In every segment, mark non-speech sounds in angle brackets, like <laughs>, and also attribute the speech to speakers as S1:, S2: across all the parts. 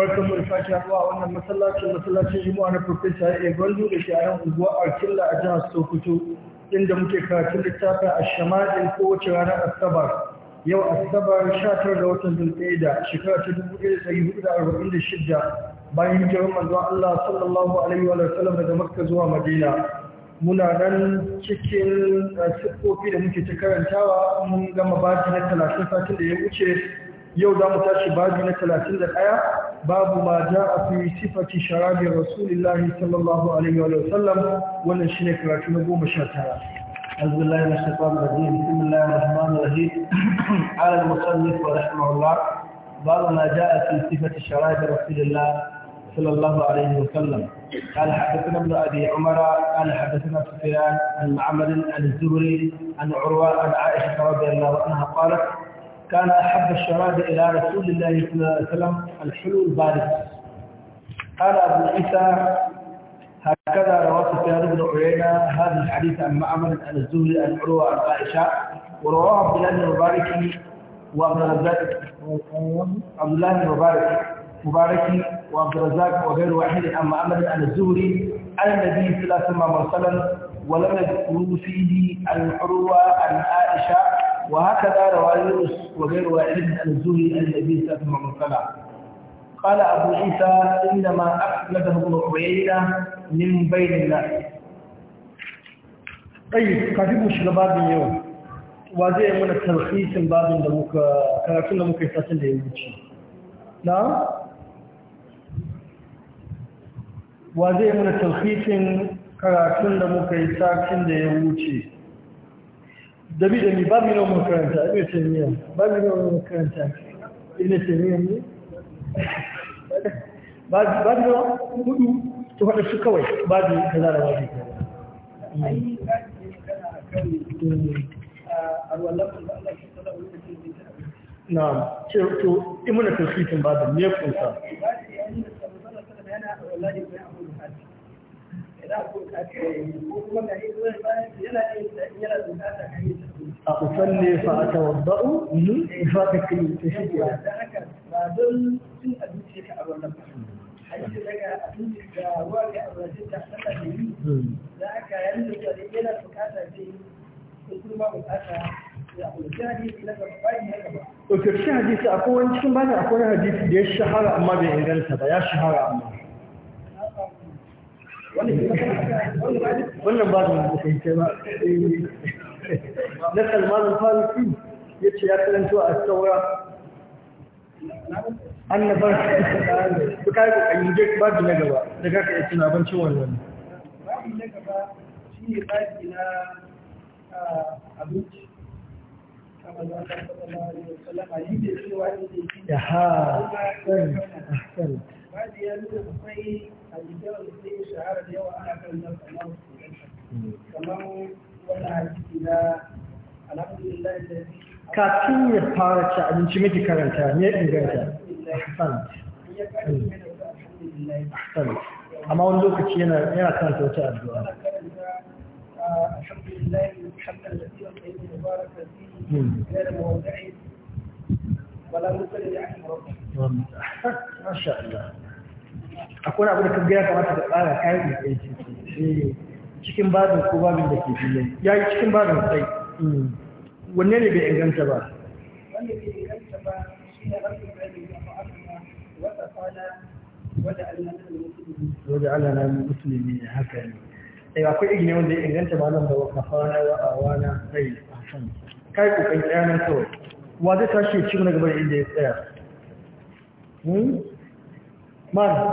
S1: barkan mu da sake haɗuwa a wannan masallacin masallacin juma'a na profesa ya gwandu da ke a nan unguwa killa a jihar sokoto inda muke karatun littafin a shamadin kowace ranar asabar yau asabar 19 ga watan zulqaida shekara ta 1446 bayan hijirar manzo Allah sallallahu alaihi wa sallam daga makka zuwa madina muna nan cikin eh, siffofi da muke ta karantawa mun gama ta na 30 satin da ya wuce yau za mu tashi babi na 31 babu ma ja'a fi sifati sharabi rasulillahi sallallahu alaihi wa sallam wannan shine karatu na 19 أعوذ بالله من الشيطان الرجيم بسم الله الرحمن الرحيم على <clears throat> المصنف ورحمه الله بعض ما جاء في صفة شراب رسول الله صلى الله عليه وسلم قال حدثنا ابن أبي عمر قال حدثنا سفيان عن معمر عن الزهري عن عروة عن عائشة رضي الله عنها قالت كان أحب الشراب إلى رسول الله صلى الله عليه وسلم الحلو البارد قال أبو عيسى هكذا رواه سفيان بن عيينة هذا الحديث عن معمر عن الزهري عن عروة عن عائشة ورواه عبد الله المبارك وابن وعبد الرزاق عبد الله المبارك مبارك وعبد الرزاق وغير واحد عن معمر عن الزهري عن النبي صلى الله عليه وسلم مرسلا ولم يذكروا فيه عن عروة عن عائشة وهكذا رواه وغير واحد من الزهري عن النبي صلى الله عليه وسلم قال ابو عيسى انما أحمده ابن عيينة من بين الناس طيب كاتب شغباب اليوم وزي من التلخيص باب دموك كراتون دموك يساتن ليوجي نعم وزي من التلخيص karatun da muka yi satin da ya dabi da ni babu nawa mun karanta abin taimiyya babu karanta ina taimiyya ne <laughs> babu nawa hudu ta faɗa su kawai kaza da babu na mm. ce to imuna ne
S2: a usalle fa a tawabba'u
S1: fa ka kiri ta shi ba don cin abinci ka a wannan ba hadisi daga abinci da wani abinci ta saka da yi da aka yanzu da yana bukata ce kuma bukata Wakil shi hadisi akwai wani cikin bani akwai hadisi da ya shahara amma bai inganta ba ya shahara amma.
S2: wannan ba
S1: da mutunce ba
S2: na salman
S1: farisi ya ce ya karanto a saura an na farisi su kayi kokarin je ba da na gaba da kaka ya tuna ban ciwon wani na gaba shi ne na abinci da ha hadisai wanda da yawa ana
S2: ya fara ci abinci miki karanta ne inganta ahsan amma wani lokaci yana yana karanta wata addu'a alhamdulillah
S1: akwai abu da kaga ya kamata ka tsara kayan da kai cikin babin ko babin da ke biyan ya yi cikin babin sai wanne ne bai inganta ba
S2: wanda inganta ba shi ne rasul bai da fa'ala wata fala wata
S1: Allah na musulmi ne haka ne sai eh, akwai igine wanda ya inganta ba nan da waka fana wa awana sai a san kai ku kan tsaya nan kawai wa zai tashi ya ci mana gaba inda ya tsaya hmm? man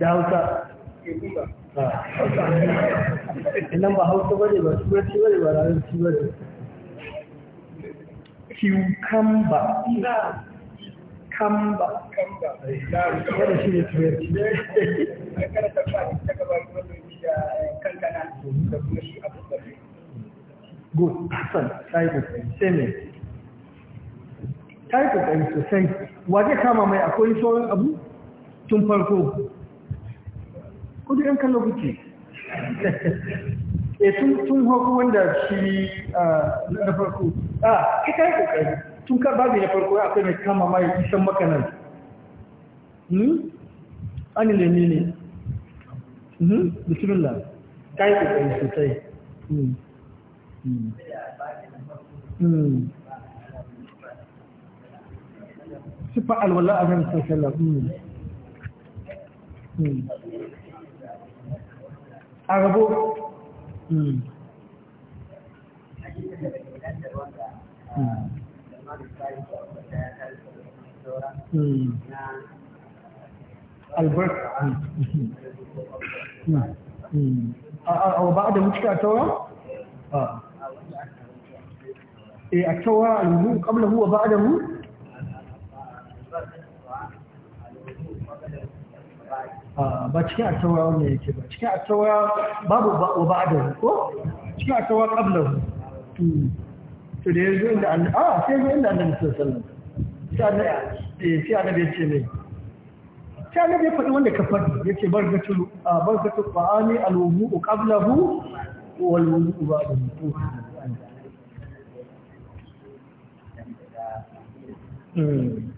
S2: da hausa ah. ba hausa
S1: bane ba bane ba bane cucumber kamba shi ne good hassan kama mai akwai sauran abu tun farko kudu yan kallo kuke e tun tun hoko wanda shi ah, na farko a ah, kika yi kokari tun ka ne na farko kai mai kama mai isan makanan hmm? ni an ne ne hmm? ne bismillah ka yi kokari sosai hmm.
S2: sifa alwala a nan sosai Hmm. Hmm. Hmm. a rabo albarka a ba da mutuka a taura? Ah.
S1: Eh, a taura alwudu kamla huwa ba da mu? Ah, ba cikin attaura wanda yake ba cikin attaura babu wa ba'da ko cikin attaura qabla to da yanzu inda an a ah, sai yanzu inda annabi sallallahu alaihi wasallam eh, sai annabi ya ce mai sai annabi ya faɗi wanda ka fadi yace barkatul ah, barkatul qur'ani alwudu qablahu wal wudu ba'dahu
S2: Mm.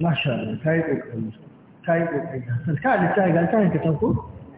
S2: Masha Allah, ta yi ƙoƙari,
S1: ta yi ƙoƙari, ta littafi ga ta yi ka tanko?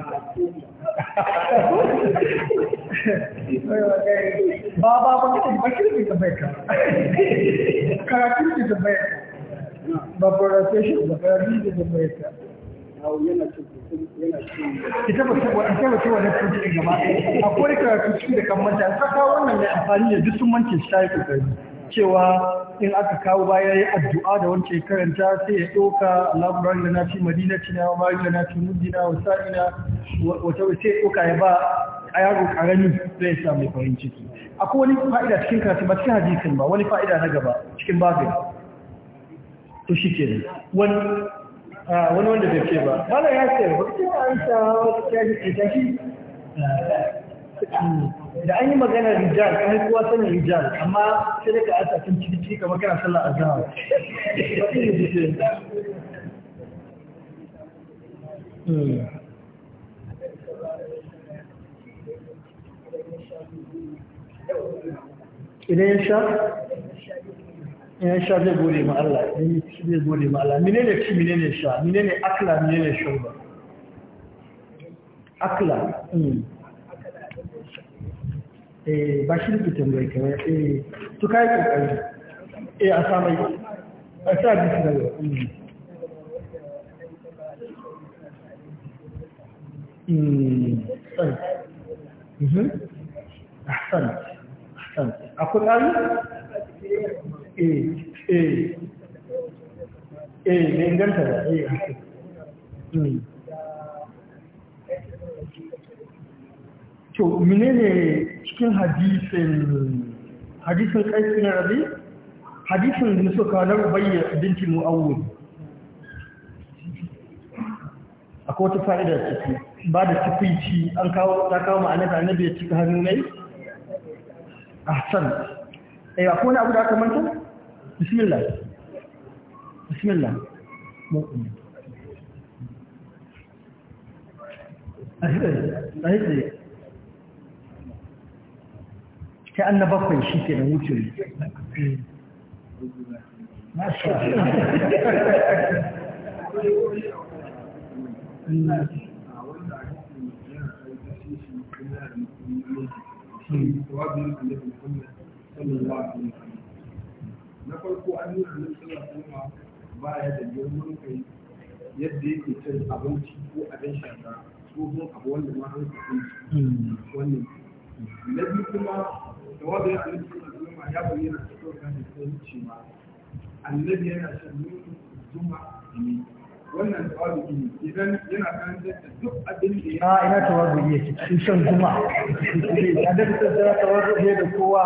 S1: ba ba ba ka ba kirki ta bai ka karatu ta bai ka ba ba
S2: ita ba cewa an kai cewa na gaba akwai karatu cikin da kan manta wannan mai amfani
S1: da duk sun mance shi ta yi kokari cewa in aka kawo baya ya addu'a da wancan karanta sai ya ɗauka labarar da na fi madina, na wa da na fi muddina wa sa'ina wata wace ɗauka ya ba a yaro ƙarami zai sa mai farin ciki akwai wani fa'ida cikin karatu ba cikin hadisin ba wani fa'ida na gaba cikin babin to shi ke wani
S2: wanda bai ce ba
S1: bala ya ce ba ce an sa wata kyashi da an yi magana rijal an kuwa sanin rijal amma sai ka a cikin ciki kamar kana sallar azhar
S2: hmm. idan ya sha ya sha zai gode ma Allah
S1: ya ci zai gode ma Allah menene ne ci mine ne sha mine ne akla mine ne shurba akla hmm. Eh, ba shi da tambayi kamar eh to kai kokari eh a samai a sa bisi da
S2: mm
S1: mm ahsan ahsan akwai ƙari
S2: eh eh eh ne ganta da eh ahsan hmm.
S1: to menene cikin hadisin hadisin ƙaifin rabi hadisin da suka na rubayya binti mu'awun akwai wata fa'ida ciki ba da tafici an kawo ta kawo ma'anar annabi ya cika hannu ne a san eh akwai wani abu da aka manta bismillah bismillah mu'min ahirri ahirri sai an na bakwai shi ke na
S2: ne.
S1: na farko an yi annabi sallallahu alaihi ba ya da girman kai yadda yake cin abinci ko abin shaka kuma abu wanda ma an kafin hmm. wannan biyu kuma jawabin annabi sallallahu alaihi ya bayyana da kyau kan da cewa annabi yana shan nono zuma ne wannan tawazu ne idan yana kan da duk abin da ya ah, ina tawazu ne shi shan zuma ya da ta tawazu ne da kowa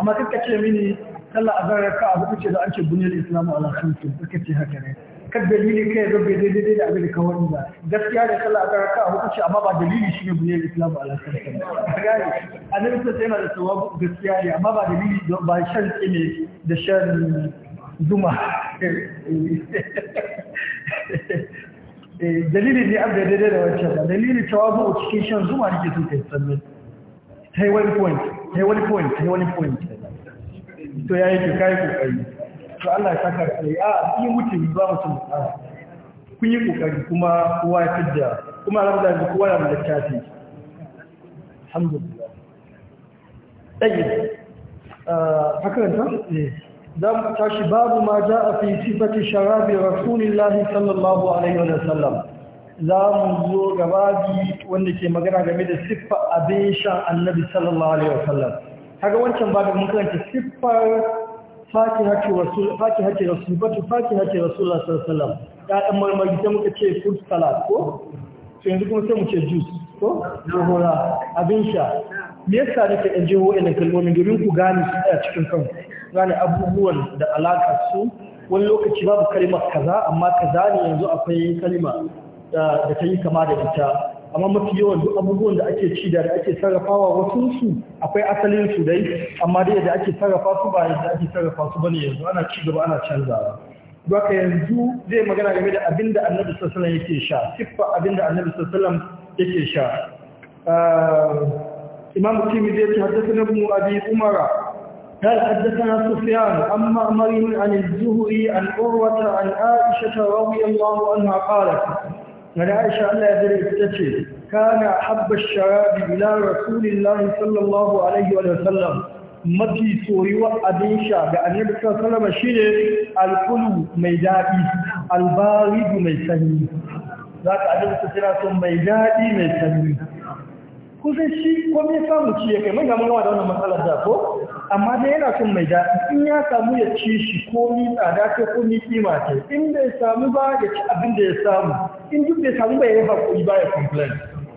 S1: amma kaka ce mini sallah azhar ka abu ce da an ce islamu ala khamsin kaka ce haka ne kan dalili kai zan bai daidai da abin da ka wani ba gaskiya da sallah ta raka hukunci amma ba dalili shi ne buyar islam ala sallallahu a nan annabi sai yana da tsawa gaskiya ne amma ba dalili ba shan tsine da shan zuma eh, dalilin ne abin da daidai da wancan ba dalilin tawazu cikin shan zuma ne ke sun kai sannan ta yi wani point ta yi wani point ta yi wani point to ya yi ka kai kokari to Allah ya saka da a yi mutum ba mutum tsara kun yi kokari kuma kowa ya fidda kuma alhamdulillah da kowa na da littafi alhamdulillah ɗaya hakaranta eh. za mu tashi babu ma ja a fi sifati sharabi rasulillahi sallallahu alaihi wa sallam za mu zo gabaji wanda ke magana game da siffa abin sha annabi sallallahu alaihi wa sallam kaga wancan babu mun karanta siffar fakihati hake rasu batu fakihati rasulullah sallallahu ya ɗan marmari ta muka ce food salad ko yanzu kuma sai muke juice ko jahora abin sha me yasa nake ɗan jiho wannan kalmomin domin ku gane su a cikin kanku gane abubuwan da alaka su wani lokaci babu kalimar kaza amma kaza ne yanzu akwai kalima eh, da ta yi kama da ita amma mafi yawan duk abubuwan da ake ci da ake sarrafawa wasu su akwai asalin su dai amma dai da ake sarrafa su ba yadda ake sarrafa su bane yanzu ana ci gaba ana canzawa Baka yanzu zai magana game da abin da annabi sassalam yake sha, siffa abin da annabi sassalam yake sha. Uh, Imam Kimi zai ce haddasa na bin abi umara, قال حدثنا سفيان عن معمر عن الزهري عن عروة عن عائشة رضي الله عنها قالت na Aisha Allah ya dare ita ce kana habba sharabi ila rasulillahi sallallahu alaihi wa sallam mafi soyuwa abin sha ga annabi sallallahu shine alkulu mai dadi albaridu mai sanyi Za ka ajiye annabi sallallahu alaihi mai dadi mai sanyi kusan shi ko komai samu ci ya kai mun ga mun da wannan matsalar da ko amma dai yana son mai daɗi in ya samu ya ci shi ko ni tsada ce ko ni kima ce in bai samu ba ya ci abin da ya samu in duk bai samu ba ya yi hakuri ba ya complain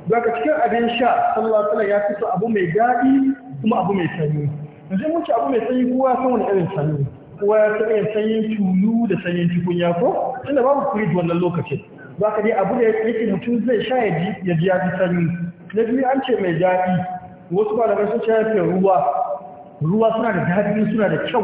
S1: daga cikin abin sha sallallahu alaihi ya fito abu mai daɗi kuma abu mai sanyi yanzu mace abu mai sanyi kowa san wani irin sanyi kowa ya san irin sanyin tulu da sanyin tukunya ko tunda babu fridge wannan lokacin za ka dai abu da yake mutum zai sha ya ji ya ji sanyi na biyu an ce mai daɗi wasu ba da sun ruwa ruwa suna da daɗi suna da kyau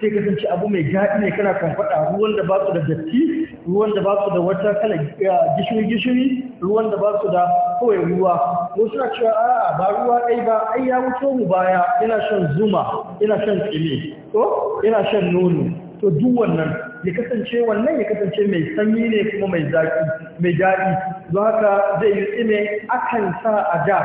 S1: sai kasance abu mai daɗi ne kana faɗa ruwan da ba su da datti ruwan da ba su da wata kala eh, gishiri gishiri ruwan da ba su da kawai ruwa ko suna cewa a'a ba ruwa ɗai ba ai ya wuce mu baya ina shan zuma ina shan tsimi ko ina shan nono to duk wannan ya kasance wannan ya kasance mai sanyi ne kuma mai zaki mai daɗi don haka zai yi tsime akan sa a da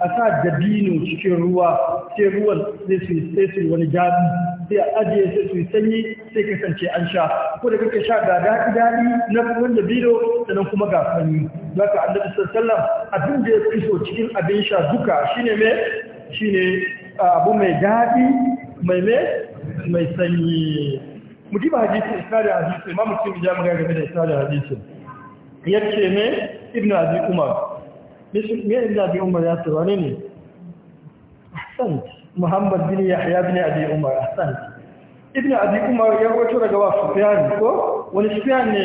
S1: a sa dabino cikin ruwa sai ruwan sai su wani daɗi sai a ajiye sai su sanyi sai kasance an sha ko da kake sha ga daɗi daɗi na kuma dabino sannan kuma ga sanyi don haka annabi sallallahu abin da ya fi cikin abin sha duka shine me shine ah, abu mai daɗi mai me mai sanyi mutum hadisi isnadin hadisi ma mutum ya magana game da isnadin hadisi yace ne ibnu abi umar me ibnu abi umar ya ce ne ne ahsan muhammad bin yahya bin abi umar ahsan ibnu abi umar ya wato daga wa sufyan ko wani sufyan ne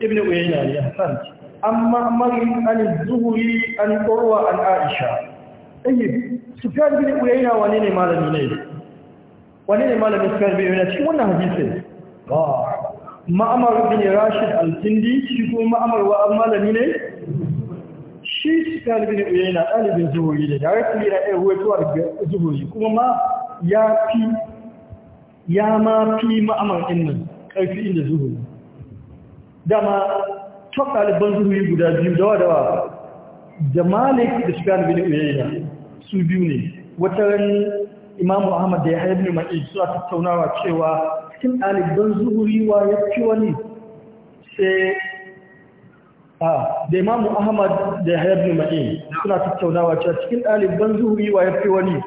S1: ibnu uyayna ne ahsan amma marin an zuhuri an qurwa an aisha tayyib sufyan bin uyayna wane ne malami ne wani ne malamin suka rabe yana cikin wannan ba ma'amar bin rashid al-tindi shi ko ma'amar wa malami ne shi ɗalibin yana eh, ɗalibin zuhuri ne da su yana ɗaya tuwa da zuhuri kuma ma ya fi ya ma fi ma'amar ɗinnan ƙarfi inda zuhuri dama top ɗaliban zuhuri guda biyu dawa dawa da malik da shi ɗalibin yana eh, su biyu ne wata rani. imamu ahmad da ya haibni ma'i suna tattaunawa cewa cikin ɗaliban zuhuri wa ya fi wani sai a da imamu ahmad da ya haibni ma'i suna tattaunawa cewa cikin ɗaliban zuhuri wa ya fi wani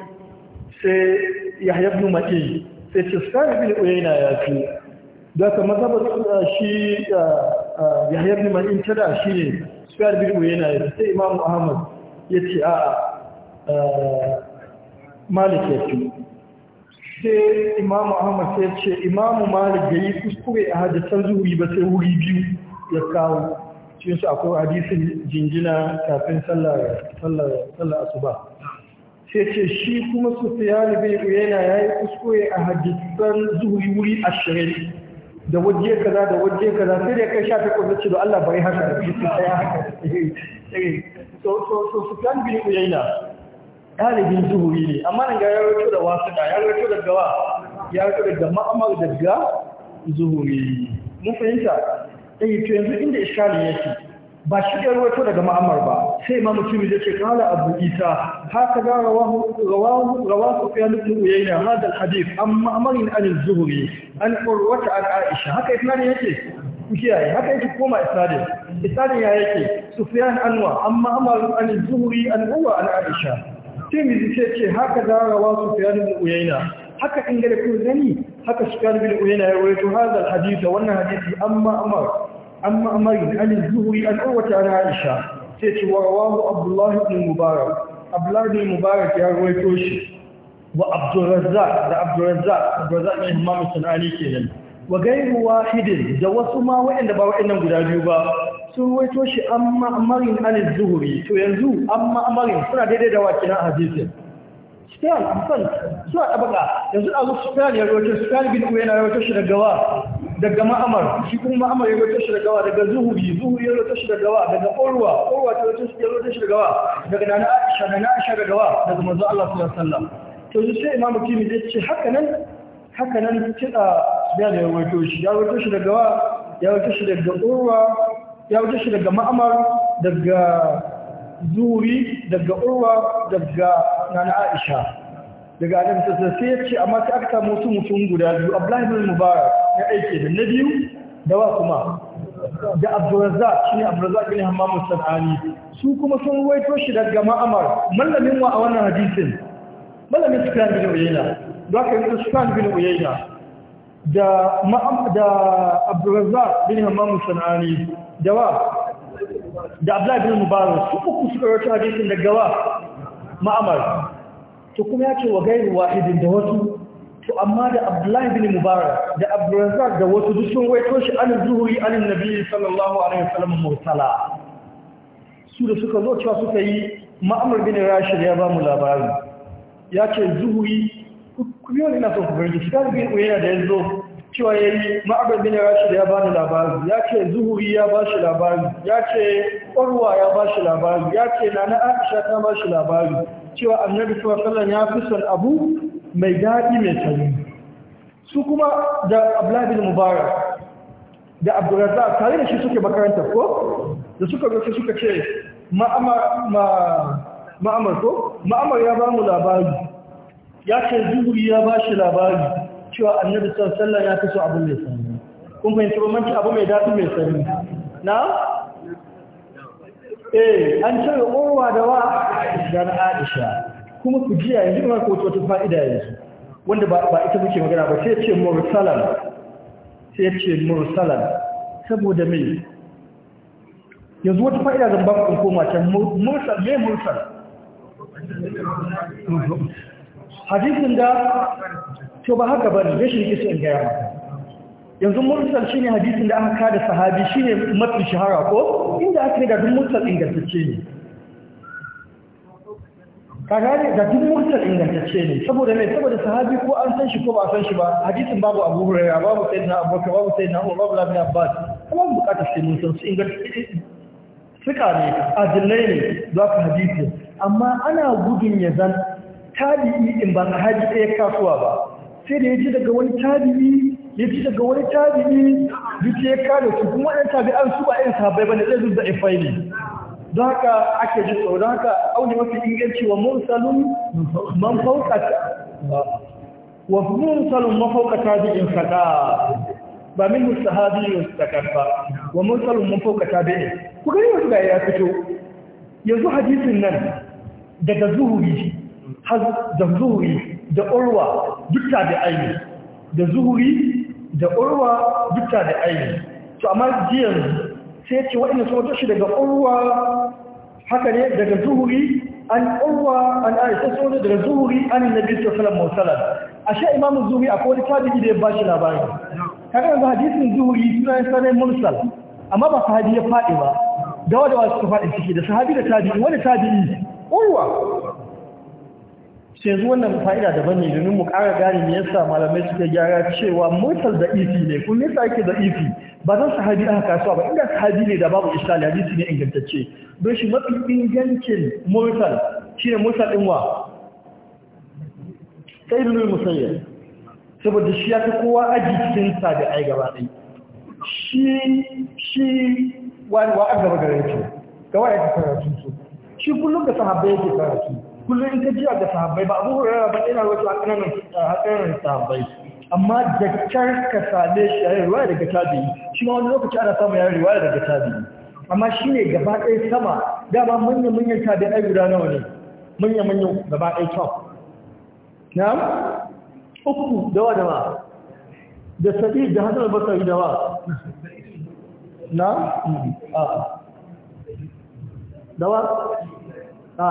S1: sai ya haibni ma'i sai ce sukari bin uyayna ya fi da ka ba shi ya haibni ma'i tada shi ne sukari bin uyayna ya fi sai imamu ahmad ya ce a'a malik ya fi sai imamu ahmad sai ce imamu malik da yi kuskure a hadisan zuhuri ba sai wuri biyu ya kawo cikin su akwai hadisin jinjina kafin sallar asuba sai ce shi kuma su fiyali bai yana ya yi kuskure a hadisan zuhuri wuri ashirin da waje kaza da waje kaza sai da kai sha ta kwallo ce da Allah bai haka da shi sai haka <laughs> so so so su bi ku yana ɗalibin zuhuri ne amma nan ga ya rawaito da wasu da ya rawaito daga wa ya rawaito daga ma'amar ga zuhuri mun fahimta eh to yanzu inda iskali ya ce ba shi ya rawaito daga ma'amar ba sai ma mutum ya ce kala abu isa haka ga rawahu rawahu rawahu fi ibn uyayna hada alhadith amma amr an zuhuri an urwata a aisha haka tunani ya ce kiyaye haka yake koma isnadin isnadin ya yake sufiyan anwa amma amr an zuhuri an huwa an aisha tirmizi sai ce ce haka zarawa su fiyan bin uyaina haka in gada kun gani haka su fiyan bin uyaina ya rawaito hadal hadisa wannan hadisi amma amar amma amar ibn ali zuhuri an urwata na aisha sai ce wa rawahu abdullahi ibn mubarak abdullahi ibn mubarak ya rawaito shi wa abdurrazzaq da abdurrazzaq abdurrazzaq ibn imam sunani kenan wa gairu wahidin da wasu ma waɗanda ba waɗannan guda biyu ba sun waito shi an ma'amarin an zuhuri to yanzu an ma'amarin suna daidai da wakilin hadisin sufiyan amfan suna tabaka yanzu a zuwa sufiyan ya rawaito sufiyan bin uwe na rawaito shi da gawa daga ma'amar shi kuma ma'amar ya rawaito shi da gawa daga zuhuri zuhuri ya rawaito shi da gawa, daga ƙorwa ƙorwa ta rawaito shi da gawa, daga nana aisha nana aisha da gawa, daga manzo Allah sallallahu alaihi wasallam to sai imamu kimi zai ce haka nan haka nan kiɗa ya da yawaito shi ya wato shi daga wa ya wato shi daga urwa ya wato shi daga ma'amar daga zuri daga urwa daga nana aisha daga adam sassa sai ya ce amma sai aka samu wasu mutum guda biyu abdullahi bin mubarak ya aike da na biyu da wa kuma da abdurrazzaq shi ne abdurrazzaq bin hammam sanani su kuma sun ruwaito shi daga ma'amar mallamin wa a wannan hadisin mallamin sufyan bin uyayna za ka yi sufyan bin uyayna da da bin hammam sanani da wa
S2: da abdullahi bin mubarak su
S1: uku suka rawaito hadisin daga wa ma'amar to kuma ya ce wa gairu wahidin da wasu to amma da abdullahi bin mubarak da abdurrazzaq da wasu duk sun waito shi an zuhuri an nabi sallallahu alaihi wasallam mursala su da suka zo cewa suka yi ma'amar bin rashid ya ba mu labari ya ce zuhuri ku ne na son ku farge shi galibin da yanzu. cewa ya yi ma'abar bin rashid ya bani labari ya ce zuhuri ya ba shi labari ya ce ƙwarwa ya ba shi labari ya ce na nana aisha ta ba shi labari cewa annabi sallallahu ya fi son abu mai daɗi mai tsayi su kuma da abdullahi mubarak da abdurrazzaq tare da shi suke makaranta ko da suka zo suka ce ma'amar ko ma'amar ya ba mu labari ya ce zuhuri ya ba shi labari cewa annabi sallallahu ya kaso abu mai sani kun fahimci manci abu mai daɗi mai sani na eh an cire kowa da wa dan aisha kuma ku ji yanzu ina ko wata fa'ida yanzu wanda ba ba ita muke magana ba sai ce mursalan sai ce mursalan saboda me yanzu wata fa'ida zan ba ku koma ta mursal me mursal hadisin da to ba haka bane ya shirki su in gaya maka yanzu mursal shine hadisin da aka kada sahabi shine mafi shahara ko inda aka yi da duk mursal ingantacce ne ka gane da duk mursal ingantacce ne saboda mai saboda sahabi ko an san shi ko ba san shi ba hadisin babu abu hurairu babu sai na abubakar babu sai na umar babu labin abbas kuma mu bukatar sai mun san su ingantacce suka ne adilai ne za su hadisi amma ana gudun ya zan tabi'i in ba haji ɗaya kasuwa ba sai da ya ji daga wani tabi'i ya ji daga wani tabi'i duk ya kare su kuma ɗan tabi'an su ba ɗan sabai ba ne ɗan zuwa ifai ne don haka ake ji tsoro don haka auni mafi inganci wa mursalun man faukata wa mursalun mafauka tabi'in kaɗa ba min musahabi yustakar ba wa mursalun mafauka in ku gani wasu da ya fito yanzu hadisin nan daga zuhuri har da zuhuri da urwa dukka da aini da zuhuri da urwa dukka da aini to amma jiyan sai ce waɗanda sun wato shi daga urwa haka ne daga zuhuri an urwa an sai sun daga zuhuri an nabi sallallahu alaihi wasallam ashe imamu zuhuri akwai wani tabi'i da ya bashi labari kaga yanzu hadisin zuhuri suna sanar mursal amma ba sahabi ya faɗi ba da wadawa suka faɗi ciki da sahabi da tabi'i wani tabi'i urwa sai yanzu wannan fa'ida daban ne domin mu ƙara gane me yasa malamai suka gyara cewa mutal da ifi ne kun yasa yake da ifi ba zan sahabi aka kasuwa ba inda sahabi ne da babu ishali hadisi ne ingantacce don shi mafi ingancin shi shine mutal din wa sai ibn musayyib saboda shi ya fi kowa aji cikin tabi'ai gaba ɗaya shi shi wani wa an gaba gare shi gaba ya karatu shi kullum da sahabbai yake karatu kullum in ka jira ga sahabbai ba abubuwa hurara ba ina a hakanan sahabbai amma da kyar ka same shi a ruwaya daga tabi shi ma wani lokaci ana samun yawon ruwaya daga tabi amma shi ne gaba ɗaya sama dama manya-manyan ɗaya guda nawa ne manya-manyan gaba ɗaya top na uku dawa da ma da sadi da hasan albasari dawa. na dawa a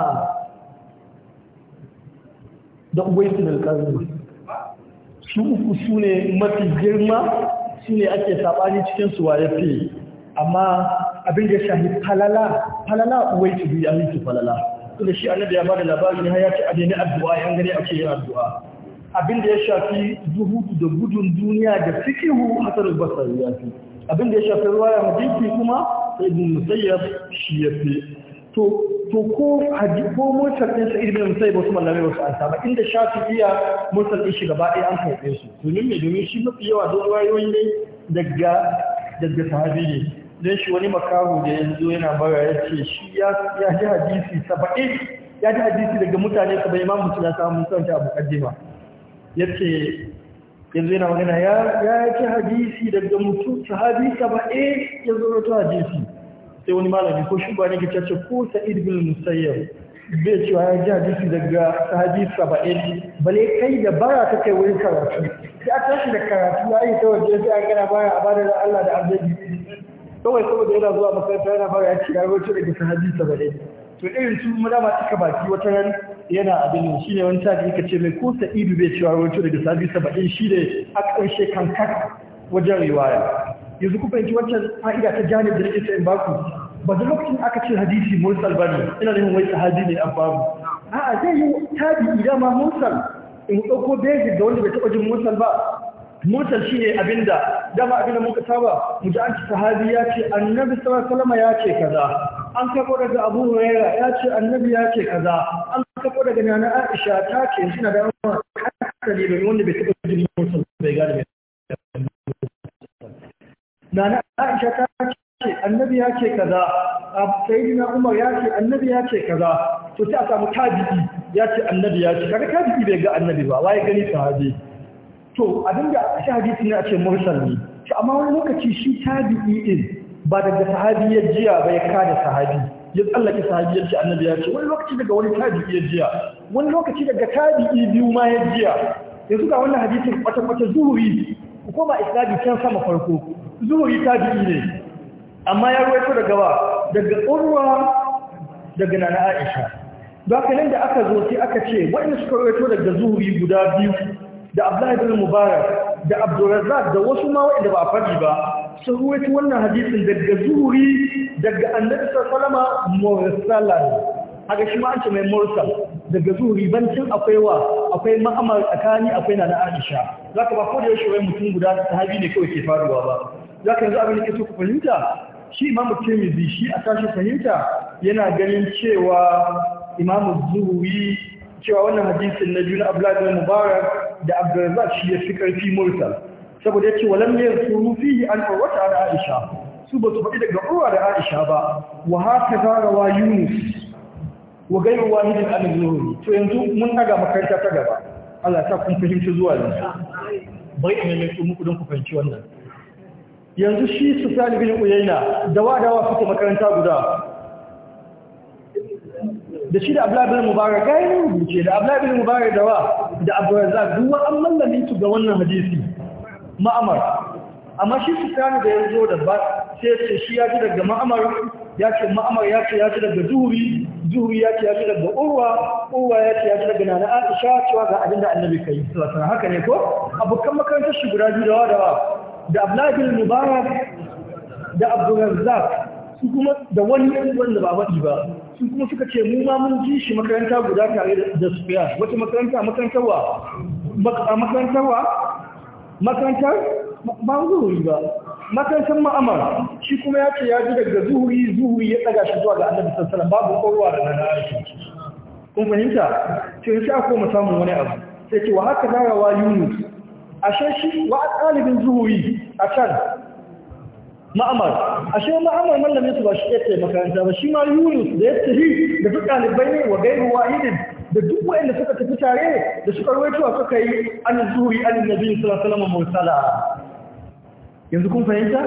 S1: da ubaisu da karni su uku su ne mafi girma su ne ake saɓani cikin su waye fi amma abin da shahi falala falala ubaisu biyu an yi falala tunda shi annabi ya bada labari ne ya ce a daini addu'a yan a ce yin addu'a abin da ya shafi zuhudu da gudun duniya da fikihu hasan basari ya fi abin da ya shafi ruwa ya hadisi kuma sai mun shi ya fi to to ko hadisi ko mursal din sa ibn sai ba su mallame ba su an saba inda shafi'iyya mursal din shi gaba ɗaya an karɓe su domin me domin shi mafi yawa don rayuwar ne daga daga sahabi ne dan shi wani makahu da yanzu yana bara ya ce shi ya ya ji hadisi saba'in ya ji hadisi daga mutane ka bai ma mutum ya samu mutunta abu kaddima yace yanzu yana magana ya ya ji hadisi daga mutum sahabi saba'in ya zo hadisi sai wani malami ko shi ba ne ke ce ko sa'id bin musayyab bai cewa ya ji hadisi daga sahabi saba'in bale kai da bara ta kai wurin karatu sai a tashi da karatu ya yi tawaje sai an gana baya a bada da Allah da abdaji kawai saboda yana zuwa makaranta yana fara ya ci ya roce daga sahabi saba'in to irin su mu dama cika baki wata ran yana abin shi ne wani tafi ka ce mai ko sa'idu bai cewa roce daga sahabi saba'in shi ne a ƙarshe kankan wajen riwaya yanzu ku fahimci wacce fa'ida ta janib da nake in baku ba da lokacin aka ce hadisi mursal bane ina nufin wai sahabi ne an babu a'a zai yi tabi idan ma mursal in dauko basic ga wanda bai taba jin mursal ba mursal shine abinda dama abinda muka saba mu ji an ci sahabi ya ce annabi sallallahu alaihi wasallam ya ce kaza an kafo daga Abu Hurairah ya ce annabi ya ce kaza an kafo daga Nana Aisha ta ce shi na da wani kasali domin wanda bai taba jin mursal bai gane na Aisha ta ce annabi ya ce kaza sayyidina Umar ya ce annabi ya ce kaza to sai a samu tabi'i ya ce annabi ya ce kaga tabi'i bai ga annabi ba waye gani sahabi to abinda shi hadisi ne a ce mursal ne to amma wani lokaci shi tabi'i din ba daga sahabi ya jiya ba ya kada sahabi ya tsallake sahabi ya ce annabi ya ce wani lokaci daga wani tabi'i ya jiya wani lokaci daga tabi'i biyu ma ya jiya yanzu ga wannan hadisin kwata-kwata zuhuri ku koma isnadi can sama farko zuhuri tabi'i ne amma ya ruwaito daga ba daga urwa daga nana aisha nan da aka zo sai aka ce waɗanda suka ruwaito daga zuhuri guda biyu da abdullahi bin mubarak da abdurrazzaq da wasu ma waɗanda ba a faɗi ba sun ruwaito wannan hadisin daga zuhuri daga annabi sallallahu alaihi wasallam haka shi ma mai mursal daga zuri bancin akwai wa akwai ma'amar tsakani akwai na Aisha zaka ba ko da yaushe wai mutum guda ta sahabi ne kawai ke faruwa ba zaka yanzu abin da kake ku fahimta shi imamu Tirmidhi shi a tashi fahimta yana ganin cewa imamu Zuhri cewa wannan hadisin na juna Abdullahi bin Mubarak da Abdurrazzaq shi ya fi karfi mursal saboda yace walam yasuru fihi an urwata Aisha su ba su faɗi daga urwa da Aisha ba wa haka wa Yunus wa gairu wahidin an zuhuri to yanzu mun daga makaranta ta gaba Allah ta kun fahimci zuwa
S2: yanzu
S1: bai ne ne muku don ku fahimci wannan yanzu shi su sani bin uyaina da wadawa suke makaranta guda
S2: da shi da Abdullahi bin mubarak
S1: gani rubuce da Abdullahi bin mubarak da wa da abdurazak duk an mallamin su ga wannan hadisi ma'amar amma shi su sani da yanzu da ba sai ce shi ya ji daga ma'amar ya ce ma'amar ya ce ya ji daga zuhuri zuhuri ya ce ya ji da urwa urwa ya ce ya ji da nana aisha cewa ga abin da annabi kai sallallahu haka ne ko abokan makarantar shi guda biyu da wadawa da abdullahi mubarak da razzaq su kuma da wani wanda ba baɗi ba su kuma suka ce mu ma mun ji shi makaranta guda tare da su fiya wata makaranta makarantar wa makarantar ba zuhuri ba makarantar ma'amar shi kuma ya ce ya ji daga zuhuri zuhuri ya tsaga shi zuwa ga annabi sassanan babu kwarwa da nana aisha kun fahimta ce shi a koma samun wani abu sai ce wa haka darawa yunus A shan shi wa ɗalibin zuhuri a can ma'amar shan ma'amar mallamin su ba shi ya ce makaranta ba shi ma yunus da ya tsari da duk ɗalibai ne wa gairu wahidin da duk da suka tafi tare da suka rawaito suka yi an zuhuri an nabi sallallahu alaihi wasallam mursala yanzu kun fahimta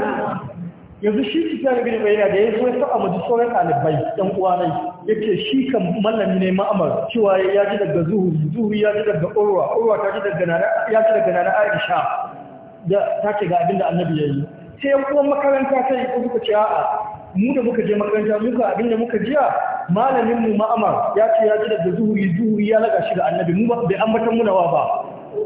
S1: yanzu shi cikin rubin bayyana da ya zo ya saba mu sauran ɗalibai ɗan uwanai ya Yake shi kan mallami ne ma'amar cewa ya ji daga zuhu zuhu ya ji daga urwa urwa ta ji daga nana aisha da ta ce ga abin da annabi ya yi sai yan kuma makaranta sai ko suka ce a'a mu da muka je makaranta muka abin da muka jiya malamin mu ma'amar ya ce ya ji daga zuhuri zuhuri ya laga shi ga annabi mu bai ambatan munawa ba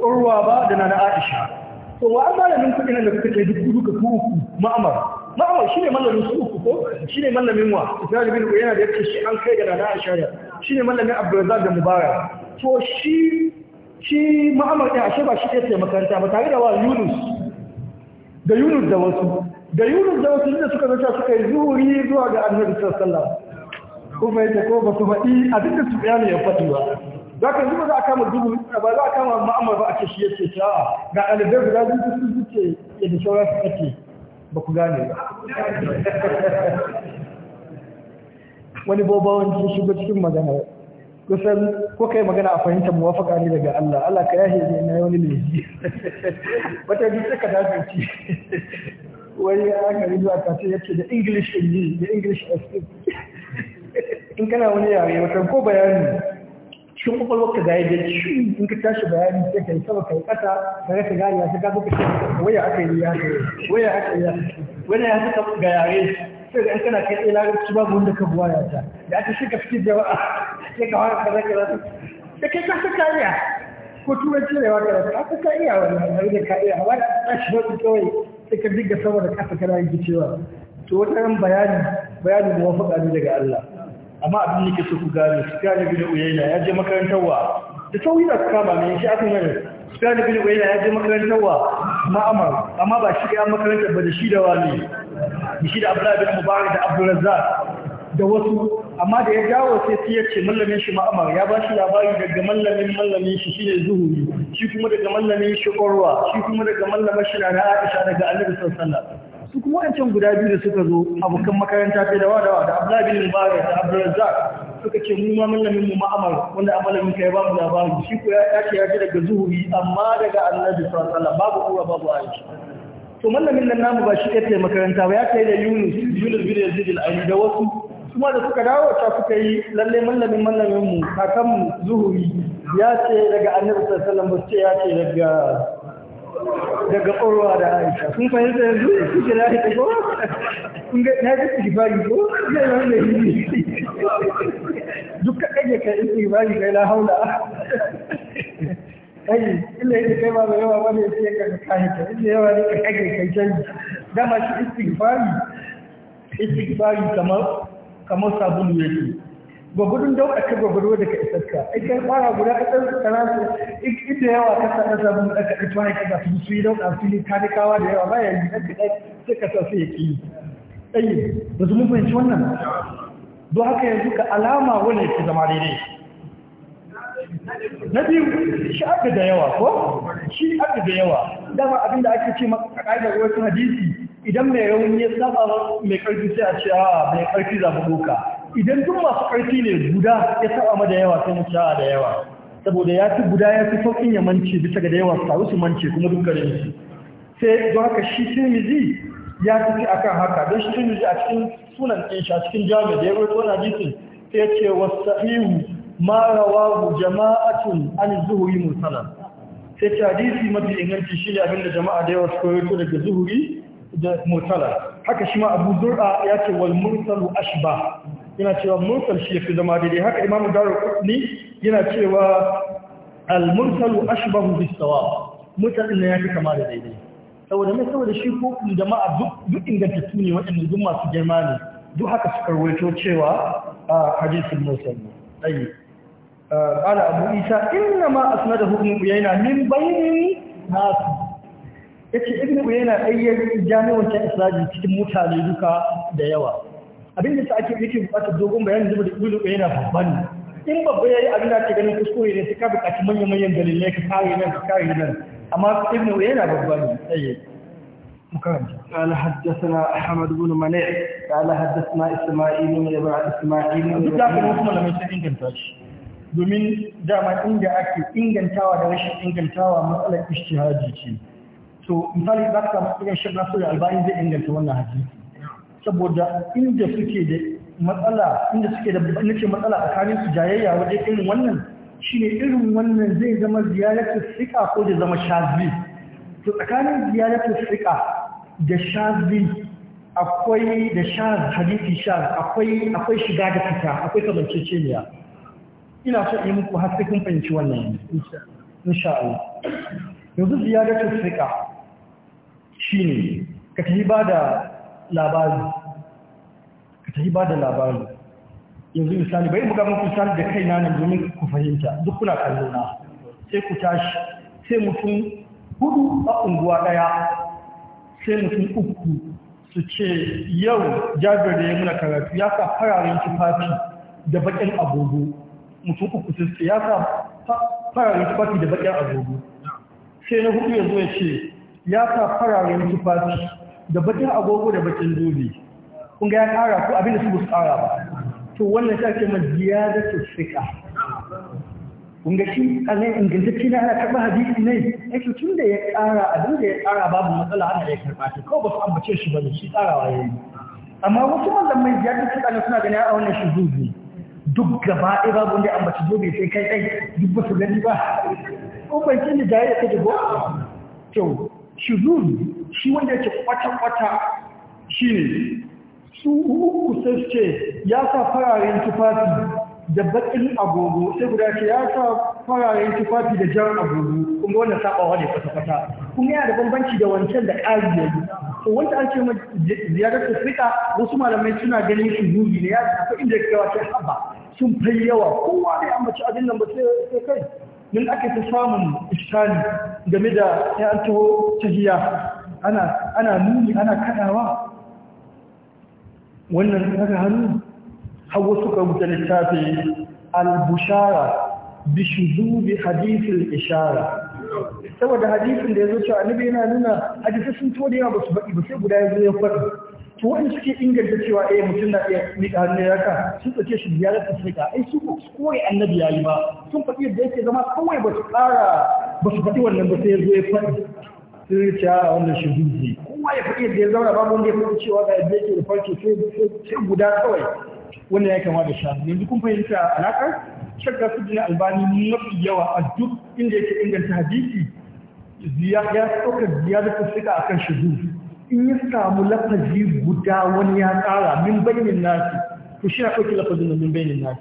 S1: urwa ba da nana aisha to wa an malamin kudi nan da kuka kai duk duka su uku ma'amar ma'amar shine mallamin su ku ko shine mallamin wa ismail bin uyana da yake shi an kai ga nana ashariya shine mallamin malamin da mubarak to shi shi ma'amar ɗin ashe ba shi ɗaya ce makaranta ba tare da wa yunus da yunus da wasu da yunus da wasu da suka zata suka yi zuri zuwa ga annabi sallallahu alaihi wasallam ko bai ta ko ba su a abin da su bayani ya faɗi ba za ka zuba za a kama dubu ba za a kama ma'amma ba a ce shi ya ce ta ga ɗalibai guda biyu sun zuce ya da shawara su kake ba ku gane ba
S2: wani wani sun
S1: shigo cikin magana kusan ko kai magana a fahimtar muwafaka ne daga Allah Allah ka yahe ne na wani leji wata ji suka dace wani aka rido a kace yace da English da English as in kana wani yare wata ko bayani cikin kwakwalwar ka gaya da shi in ka tashi bayani sai ka yi sama kai yi kasa ka rasa gari ya shiga kuka ce waya aka yi ya waya aka yi ya waya ya suka ga yare sai da kana kai ɗaya larabci babu wanda ka buwa ya ta da aka shi ka fi jama'a sai ka fara kaza kaza da kai ka kariya, ko turanci da yawa da ka saka kariya wani har da ka iya wani ta shi wani kawai sai ka dinga sama da kasa kana yi cewa to wata bayani bayani bayanin muwafaka ne daga Allah amma abin da ke so ku gane su gane bin uyaina ya je makarantarwa da sauyi da kama ne shi aka yi su gane bin uyaina ya je makarantarwa ma'amar amma ba shi ya makarantar ba da shi da wani da shi da abdullahi bin mubarak da abdurrazzaq da wasu amma da ya dawo sai sai ya ce mallamin shi ma'amar ya ba shi labari daga mallamin mallamin shi shine zuhuri shi kuma daga mallamin shi korwa shi kuma daga mallamin shi na Aisha daga Annabi sallallahu alaihi wasallam su kuma wancan guda biyu da suka zo abokan makaranta ta dawa dawa da Abdullahi bin Mubarak da Abdurrazzaq suka ce mu ma mallamin mu ma'amar wanda amalamin kai ba mu labari shi ko ya dace ya ji daga zuhuri amma daga Annabi sallallahu babu uwa babu aisha to mallamin nan namu ba shi kai makaranta ba ya kai da Yunus Yunus bin Yazid al-Aini da wasu kuma da suka dawo ta suka yi lalle mallamin mallamin mu kakan zuhuri ya ce daga Annabi sallallahu alaihi wasallam ba ce ya ce daga daga ƙorwa da aisha sun fahimta yanzu suke da aiki ko kun ga na ga istighfari ko zai yi da yi duk ka kai ka istighfari kai na haula kai ina yake kai ba yawa wani ne sai ka kai ta illa yawa ne ka kage kai canji dama shi istighfari istighfari kamar kamar sabulu yake gwagudun daukar ka gwagwado da ka isarka ai kai fara guda ka ɗan kana su in da yawa ka sa ɗasa mun ɗaka ɗaka tuwa ka su yi da yawa bayan yi sai ka su ƙi ba su mun wannan don haka yanzu ka alama wani ke zama daidai
S2: na biyu shi aka da yawa ko
S1: shi aka da yawa dama abinda ake ce a ƙa'idar wasu hadisi idan mai rauni ya saba a ce idan duk masu ƙarfi ne guda ya saba yawa sai mu ci da yawa saboda ya fi guda ya fi sauƙin ya bisa ga da yawa taru su mance kuma dukkanin su sai don haka shi tirmizi ya fi akan haka don shi tirmizi a cikin sunan ɗin shi a cikin jami'a da ya rawaito wani jikin sai ce wasahihu ma rawahu jama'atun an zuhuri musana sai ce hadisi mafi inganci shi ne abinda jama'a da yawa suka rawaito daga zuhuri da musana haka shi ma abu zur'a ya ce wal mursalu ashba yana cewa mursal shi ya fi zama daidai haka imamu daru ni. yana cewa al-mursalu ashbahu bis-sawab mutane ne yake kama da daidai saboda mai saboda shi ko jama'a duk ingantattu ne waɗannan duk masu girma ne duk haka suka rawaito cewa a hadisul mursal ayi qala abu isa inna ma asnadahu ibn uyayna min bayni nas yace ibn uyayna ayyar jami'an ta cikin mutane duka da yawa abin da ake yake bukatar dogon bayani zuba da ibn uyayna babban in babba ya yi abin da ake ganin kuskure ne su ka buƙaci manya-manyan dalilai ka kare nan ka kare nan amma ibn yana babba ne tsaye قال حدثنا احمد بن منع قال حدثنا اسماعيل بن ابراهيم اسماعيل بن ابراهيم domin dama inda ake ingantawa da rashin ingantawa matsalar ishtihadi ce to misali za مثال samu كان shirin albani zai inganta wannan hadisi saboda inda suke da matsala inda suke da nake matsala tsakanin su jayayya waje irin wannan shine irin wannan zai zama ziyaratu sika ko da zama shazi to tsakanin ziyaratu sika da shazi akwai da shaz hadisi shaz akwai akwai shiga da fita akwai kamanceceniya ina so in muku har sai kun fahimci wannan insha Allah yanzu ziyaratu sika shine ka tafi ba da labari ta yi ba da labari yanzu misali bai buga muku misali da kaina nan domin ku fahimta duk kuna kallo na sai ku tashi sai mutum hudu a unguwa daya sai mutum uku su ce yau jabir da ya muna karatu ya sa fararen tufafi da bakin agogo mutum uku su ce ya sa fararen tufafi da bakin agogo sai na hudu ya zo ya ce ya sa fararen tufafi da bakin agogo da bakin dobe kun ga ya ƙara ko abinda su su ƙara ba to wannan ta ce mai ziyada su fika kun ga shi ƙarnin ingantacce na ana karɓar hadisi ne yake eh tun da ya ƙara abin da ya ƙara babu matsala ana da ya karɓa ta kawai ba su ambace shi ba ne shi ƙarawa ya yi amma wasu mai ziyada su ƙarnin suna ganin a wannan shi zuzu duk gaba ɗaya babu wanda ya ambaci zobe sai kai kai duk ba su gani ba ko ban cin da jayayya ta dubo to shi zuzu shi wanda yake kwata-kwata shi ne su uku sai ce ya sa fararen tufafi da baƙin agogo sai guda ce ya sa fararen tufafi da jan agogo kuma wanda sabawa ne kwata-kwata kuma yana da bambanci da wancan da ƙari yanzu to wanda an ce ma ziyarar Afrika wasu malamai suna ganin shi nuni ne ya akwai inda ya wace haba sun fai yawa kowa ne an mace abin nan ba sai kai min ake ta samun iskali game da ya an taho tahiya ana ana nuni ana kadawa wannan kaga hannu hawa suka wuce littafi al-bushara bi shuzubi hadithul ishara saboda hadisin da ya zo cewa annabi yana nuna hadisi sun to da yawa basu baki ba sai guda yazo ya faɗi to wani suke inganta cewa eh mutum na iya miƙa hannun ka sun tsake shi ziyarar afirka ai su ko annabi ya yi ba sun faɗi da yake zama kawai ba su ƙara ba su faɗi wannan ba sai ya ya faɗi sun ah, wannan shuzubi kowa ya faɗi da ya zauna babu wanda ya faɗi cewa ga yadda yake da farki sai guda kawai wanda ya kama da shanu yanzu kun fahimta alaƙar shakka su jini albani mafi yawa a duk inda yake inganta hadisi ya ɗauka ziyarar suka akan shigo in ya samu lafazi guda wani ya tsara min bayanin nasi to shi na ɗauki lafazin da min bayanin nasi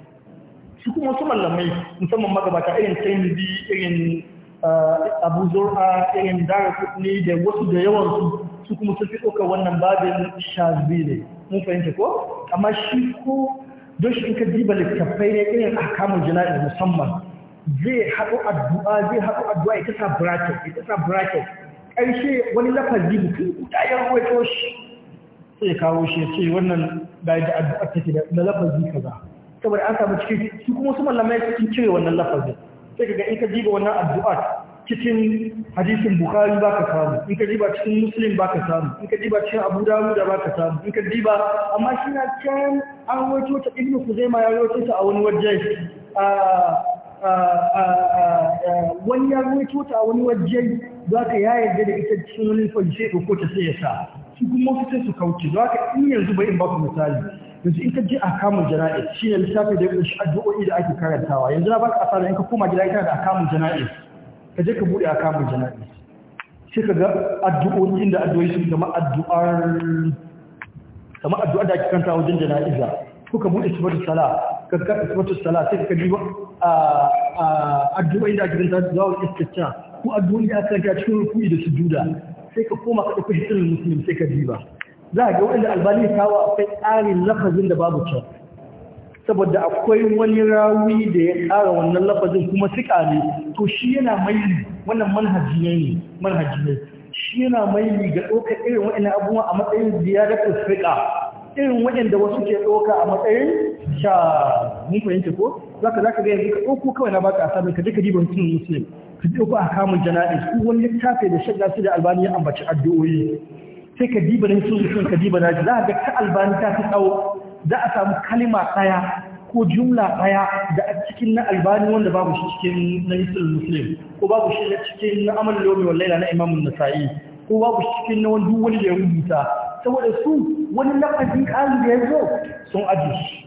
S1: su kuma wasu mallamai musamman magabata irin taimibi irin uh, abu zura irin dara kudi da wasu da yawansu su kuma sun fi ɗaukar wannan babin shazi ne mun fahimta ko amma shi ko don shi in ka diba littattafai ne irin akamun jana'i musamman zai haɗu addu'a zai haɗu addu'a ita sa bracket ita sa bracket ƙarshe wani lafazi mutum guda ya ko shi sai kawo shi ya ce wannan da yadda addu'a ke da lafazi kaza saboda an samu cikin su kuma su mallamai cikin cire wannan lafazin sai ka ga in ka diba wannan addu'a cikin hadisin bukari ba ka samu in ka diba cikin muslim ba ka samu in ka diba cikin abu dawud ba ka samu in ka diba amma shi na can an wato ta ibnu kuzaima ya wato ta a wani waje wani ya wato ta a wani waje za ka ya yarda da ita cikin wani kwanshe ko ta sai ya sa su kuma wasu sai su kauce za ka in yanzu bai in ba ku misali yanzu in ka je a kamun jana'iz shi ne lissafi da ya ƙunshi addu'o'i da ake karantawa yanzu na ba ka asara in ka koma gida ita da kamun jana'iz ka je ka buɗe a kamun jana'i sai ka ga addu'o'i inda addu'o'i sun zama addu'ar kama addu'ar da ake kanta wajen jana'iza ko ka buɗe sifatu sala ka ga sifatu sala sai ka duba addu'o'i da ake kanta zawon iskacca ko addu'o'i da aka kanta cikin rukuni da sujuda sai ka koma ka ɗauki hikirin musulun sai ka diba za a ga waɗanda albani kawo akwai tsarin lafazin da babu can saboda akwai wani rawi da ya ƙara wannan lafazin kuma suka ne to shi yana maili wannan manhaji ne manhaji ne shi yana maili ga ɗaukar irin waɗannan abubuwa a matsayin ziyaratar siƙa irin waɗanda wasu ke ɗauka a matsayin sha mun fahimta ko Za za ka ga yanzu ka ɗauko kawai na baka asabi ka duka diban sunan muslim ka ɗauko a kamun jana'is ko wani littafi da shagga su da albani ya ambaci addu'o'i sai ka diba na sun sun ka diba na ji za ka ga ta albani ta fi tsawo za a samu kalima ɗaya ko jumla ɗaya da a cikin na albani wanda babu shi cikin na yisul muslim ko babu shi na cikin na amal lomi Laila na imamun nasa'i ko babu shi cikin na wani wani da ya rubuta saboda su wani lafazi ƙarin da ya zo sun aji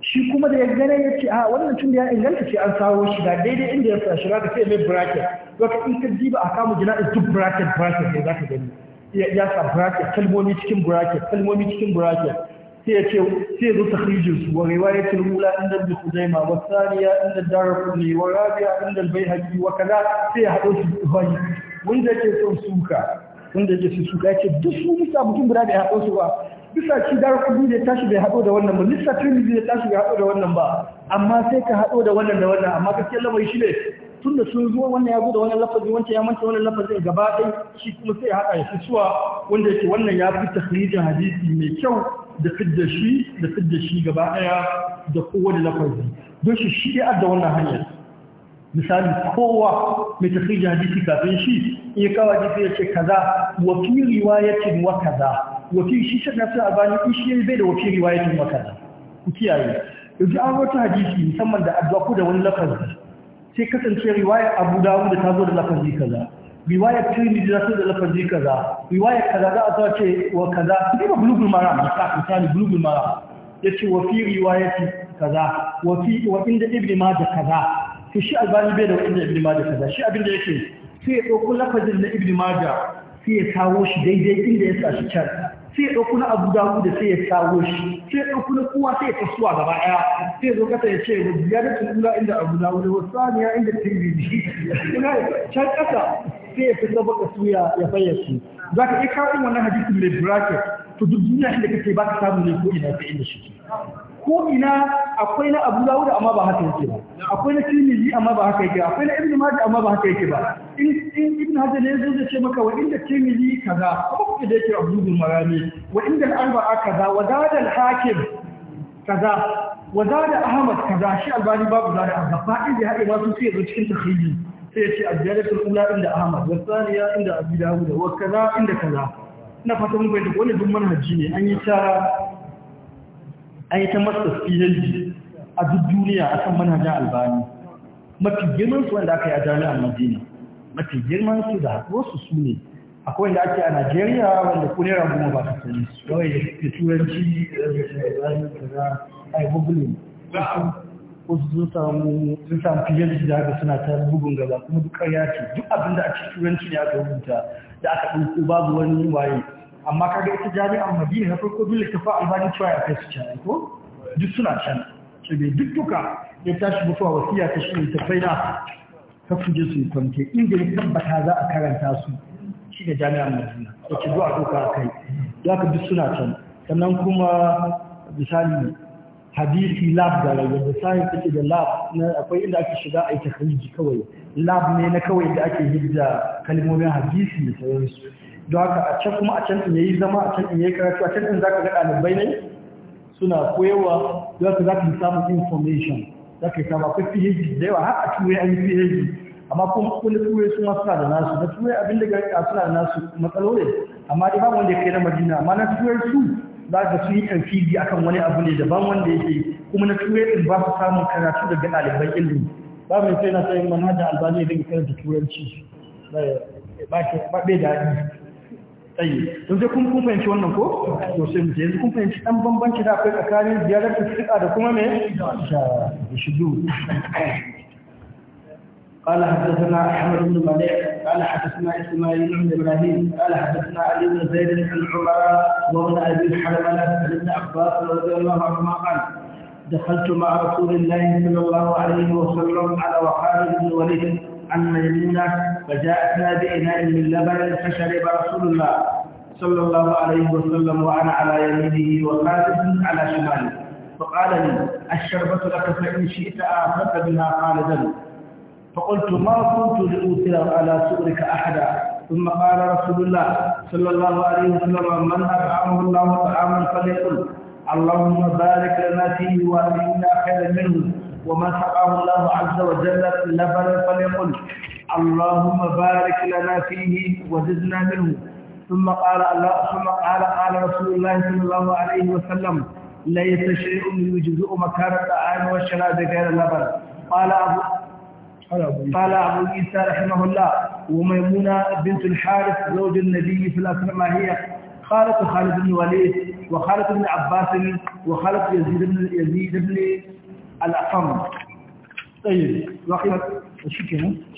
S1: shi kuma da ya gane ya ce a wannan tun da ya inganta ce an sawo shi ga daidai inda ya sa shiga ka sai mai bracket wata in ka jiba a kamu jina'i duk bracket bracket ne za ka gani ya sa bracket kalmomi cikin bracket kalmomi cikin bracket sai ya ce sai zo takhrijin su wa riwayatul ula inda bi khuzaima wa thaniya inda darquli wa rabi'a inda al wa kaza sai ya hado su bai wanda ke son suka wanda yake su suka ce, duk su bisa mutum guda da ya hado su ba bisa shi darquli da tashi bai hado da wannan ba lissa tirmidhi da tashi bai hado da wannan ba amma sai ka hado da wannan da wannan amma kake shi ne tunda sun zo wannan ya zo da wannan lafazi wancan ya manta wannan lafazin gaba ɗaya shi kuma sai ya haɗa ya fi suwa wanda yake wannan ya fi takhrijin hadisi mai kyau da fidda shi da fidda shi gaba daya da kowane lafazi don shi shi ya da wannan hanyar misali kowa mai tafiyar hadisi kafin shi ya kawo hadisi ya ce kaza wa fi riwayatin wa kaza wa fi shi na suna gani in shi ya bai da wa fi riwayatin wa kaza ku kiyaye yanzu an wata hadisi musamman da addu'a ko da wani lafazi sai kasance riwayar abu dawud da ta zo da lafazi kaza riwayar tirmidhi za ta da lafazi kaza riwayar kaza za a ta ce wa kaza ne ba bulugul maram misali bulugul ya ce wa fi riwayati kaza wa fi wa inda ibn majah kaza to shi albani bai da inda ibn majah kaza shi abin da yake sai ya dauko lafazin na ibn majah sai ya kawo shi daidai inda ya sa shi can sai ɗauku na abu dawo da sai ya kawo shi sai ɗauku na kowa sai ya kasuwa gaba ɗaya sai zo kasa ya ce ya ziyara tulula inda abu dawo da wasu saniya inda tirmidhi ina can kasa sai ya fita baka suya ya fayyace za ka iya kawo wannan hadisin mai bracket to duk duniya inda kake ba ka samu ne ko ina sai inda shi ko ina akwai na Abu da amma ba haka yake ba akwai na Tirmidhi amma ba haka yake ba akwai na Ibn Majah amma ba haka yake ba in in Ibn Hajar ne zai ce maka wa inda Tirmidhi kaza ko da yake da Marami wa inda al-Arba'a kaza wa zada al-Hakim kaza wa zada Ahmad kaza shi Albani babu zada Ahmad ba inda ya haɗe ma sun zo cikin takhayyi sai ya ce al-Jalalatul Ula inda Ahmad wa Thaniya inda Abi Dawud wa kaza inda kaza ina fata mun bayyana wannan duk manhaji ne an yi tara. an yi ta masu phd a duk duniya a kan manhajar albani mafi girman su wanda aka yi a jami'ar madina mafi girman su da haɗuwarsu su ne akwai wanda ake a najeriya wanda ko naira goma ba ta sani su kawai da turanci da ai google ko sun samu sun samu phd da haka suna ta bugun gaba kuma duk ƙarya ce duk abin da a cikin turanci ne aka rubuta da aka ɗauko babu wani waye amma kaga ita jami'ar madina na farko dole ta fa albani cewa ya kai su can ko duk suna can ce bai duk duka ya tashi mutuwa wasiya ta shi ta faina ta fuje su kwance inda ya tabbata za a karanta su shi da jami'ar madina ko ke zuwa duka a kai ya ka duk suna can sannan kuma misali hadisi lab da rayuwa da sayin take da lab na akwai inda ake shiga a yi takariji kawai lab ne na kawai da ake da kalmomin hadisi da sauransu don haka a can kuma a can ɗin ya yi zama a can ɗin ya yi karatu a can ɗin za ka ga ɗalibai ne suna koyarwa don haka za ka yi samun information za ka yi samun akwai phd da yawa har a turai an yi phd amma kuma kuma turai suna suna da nasu na turai abin da a suna da nasu matsalolin amma dai ba wanda ya kai na madina amma na turai su za ka su yi tarfizi akan wani abu ne daban wanda yake kuma na turai din ba su samun karatu daga ɗalibai ilimi ba mai sai na sayin manhajar albani dinga karanta turanci ba bai daɗi tsayi don sai kun kun fahimci wannan ko to sai mu yanzu kun fahimci dan bambanci da akwai tsakanin ziyarar fiqa da kuma me shudu قال حدثنا احمد بن مالك قال حدثنا اسماعيل بن ابراهيم قال حدثنا علي بن زيد بن عمر وابن ابي حرمله عن ابن عباس رضي الله عنهما قال دخلت مع رسول الله صلى الله عليه وسلم على وقار بن الوليد عن ميمونة فجاءتنا بإناء من لبن فشرب رسول الله صلى الله عليه وسلم وأنا على يمينه وخالد على شماله فقال لي الشربة لك فإن شئت آفت بها خالدا فقلت ما كنت لأوثر على سؤرك أحدا ثم قال رسول الله صلى الله عليه وسلم من أطعمه الله طعاما فليقل اللهم بارك لنا فيه وأنا خيرا منه وما سقاه الله عز وجل لبنا فليقل اللهم بارك لنا فيه وزدنا منه ثم قال الله ثم قال قال رسول الله صلى الله عليه وسلم ليس شيء يجزء مكان الطعام والشراب غير اللبن قال أبو قال أبو عيسى رحمه الله وميمونة بنت الحارث زوج النبي في الأسلام هي خالة خالد بن وليد وخالة بن عباس وخالة يزيد بن يزيد بن الأصم طيب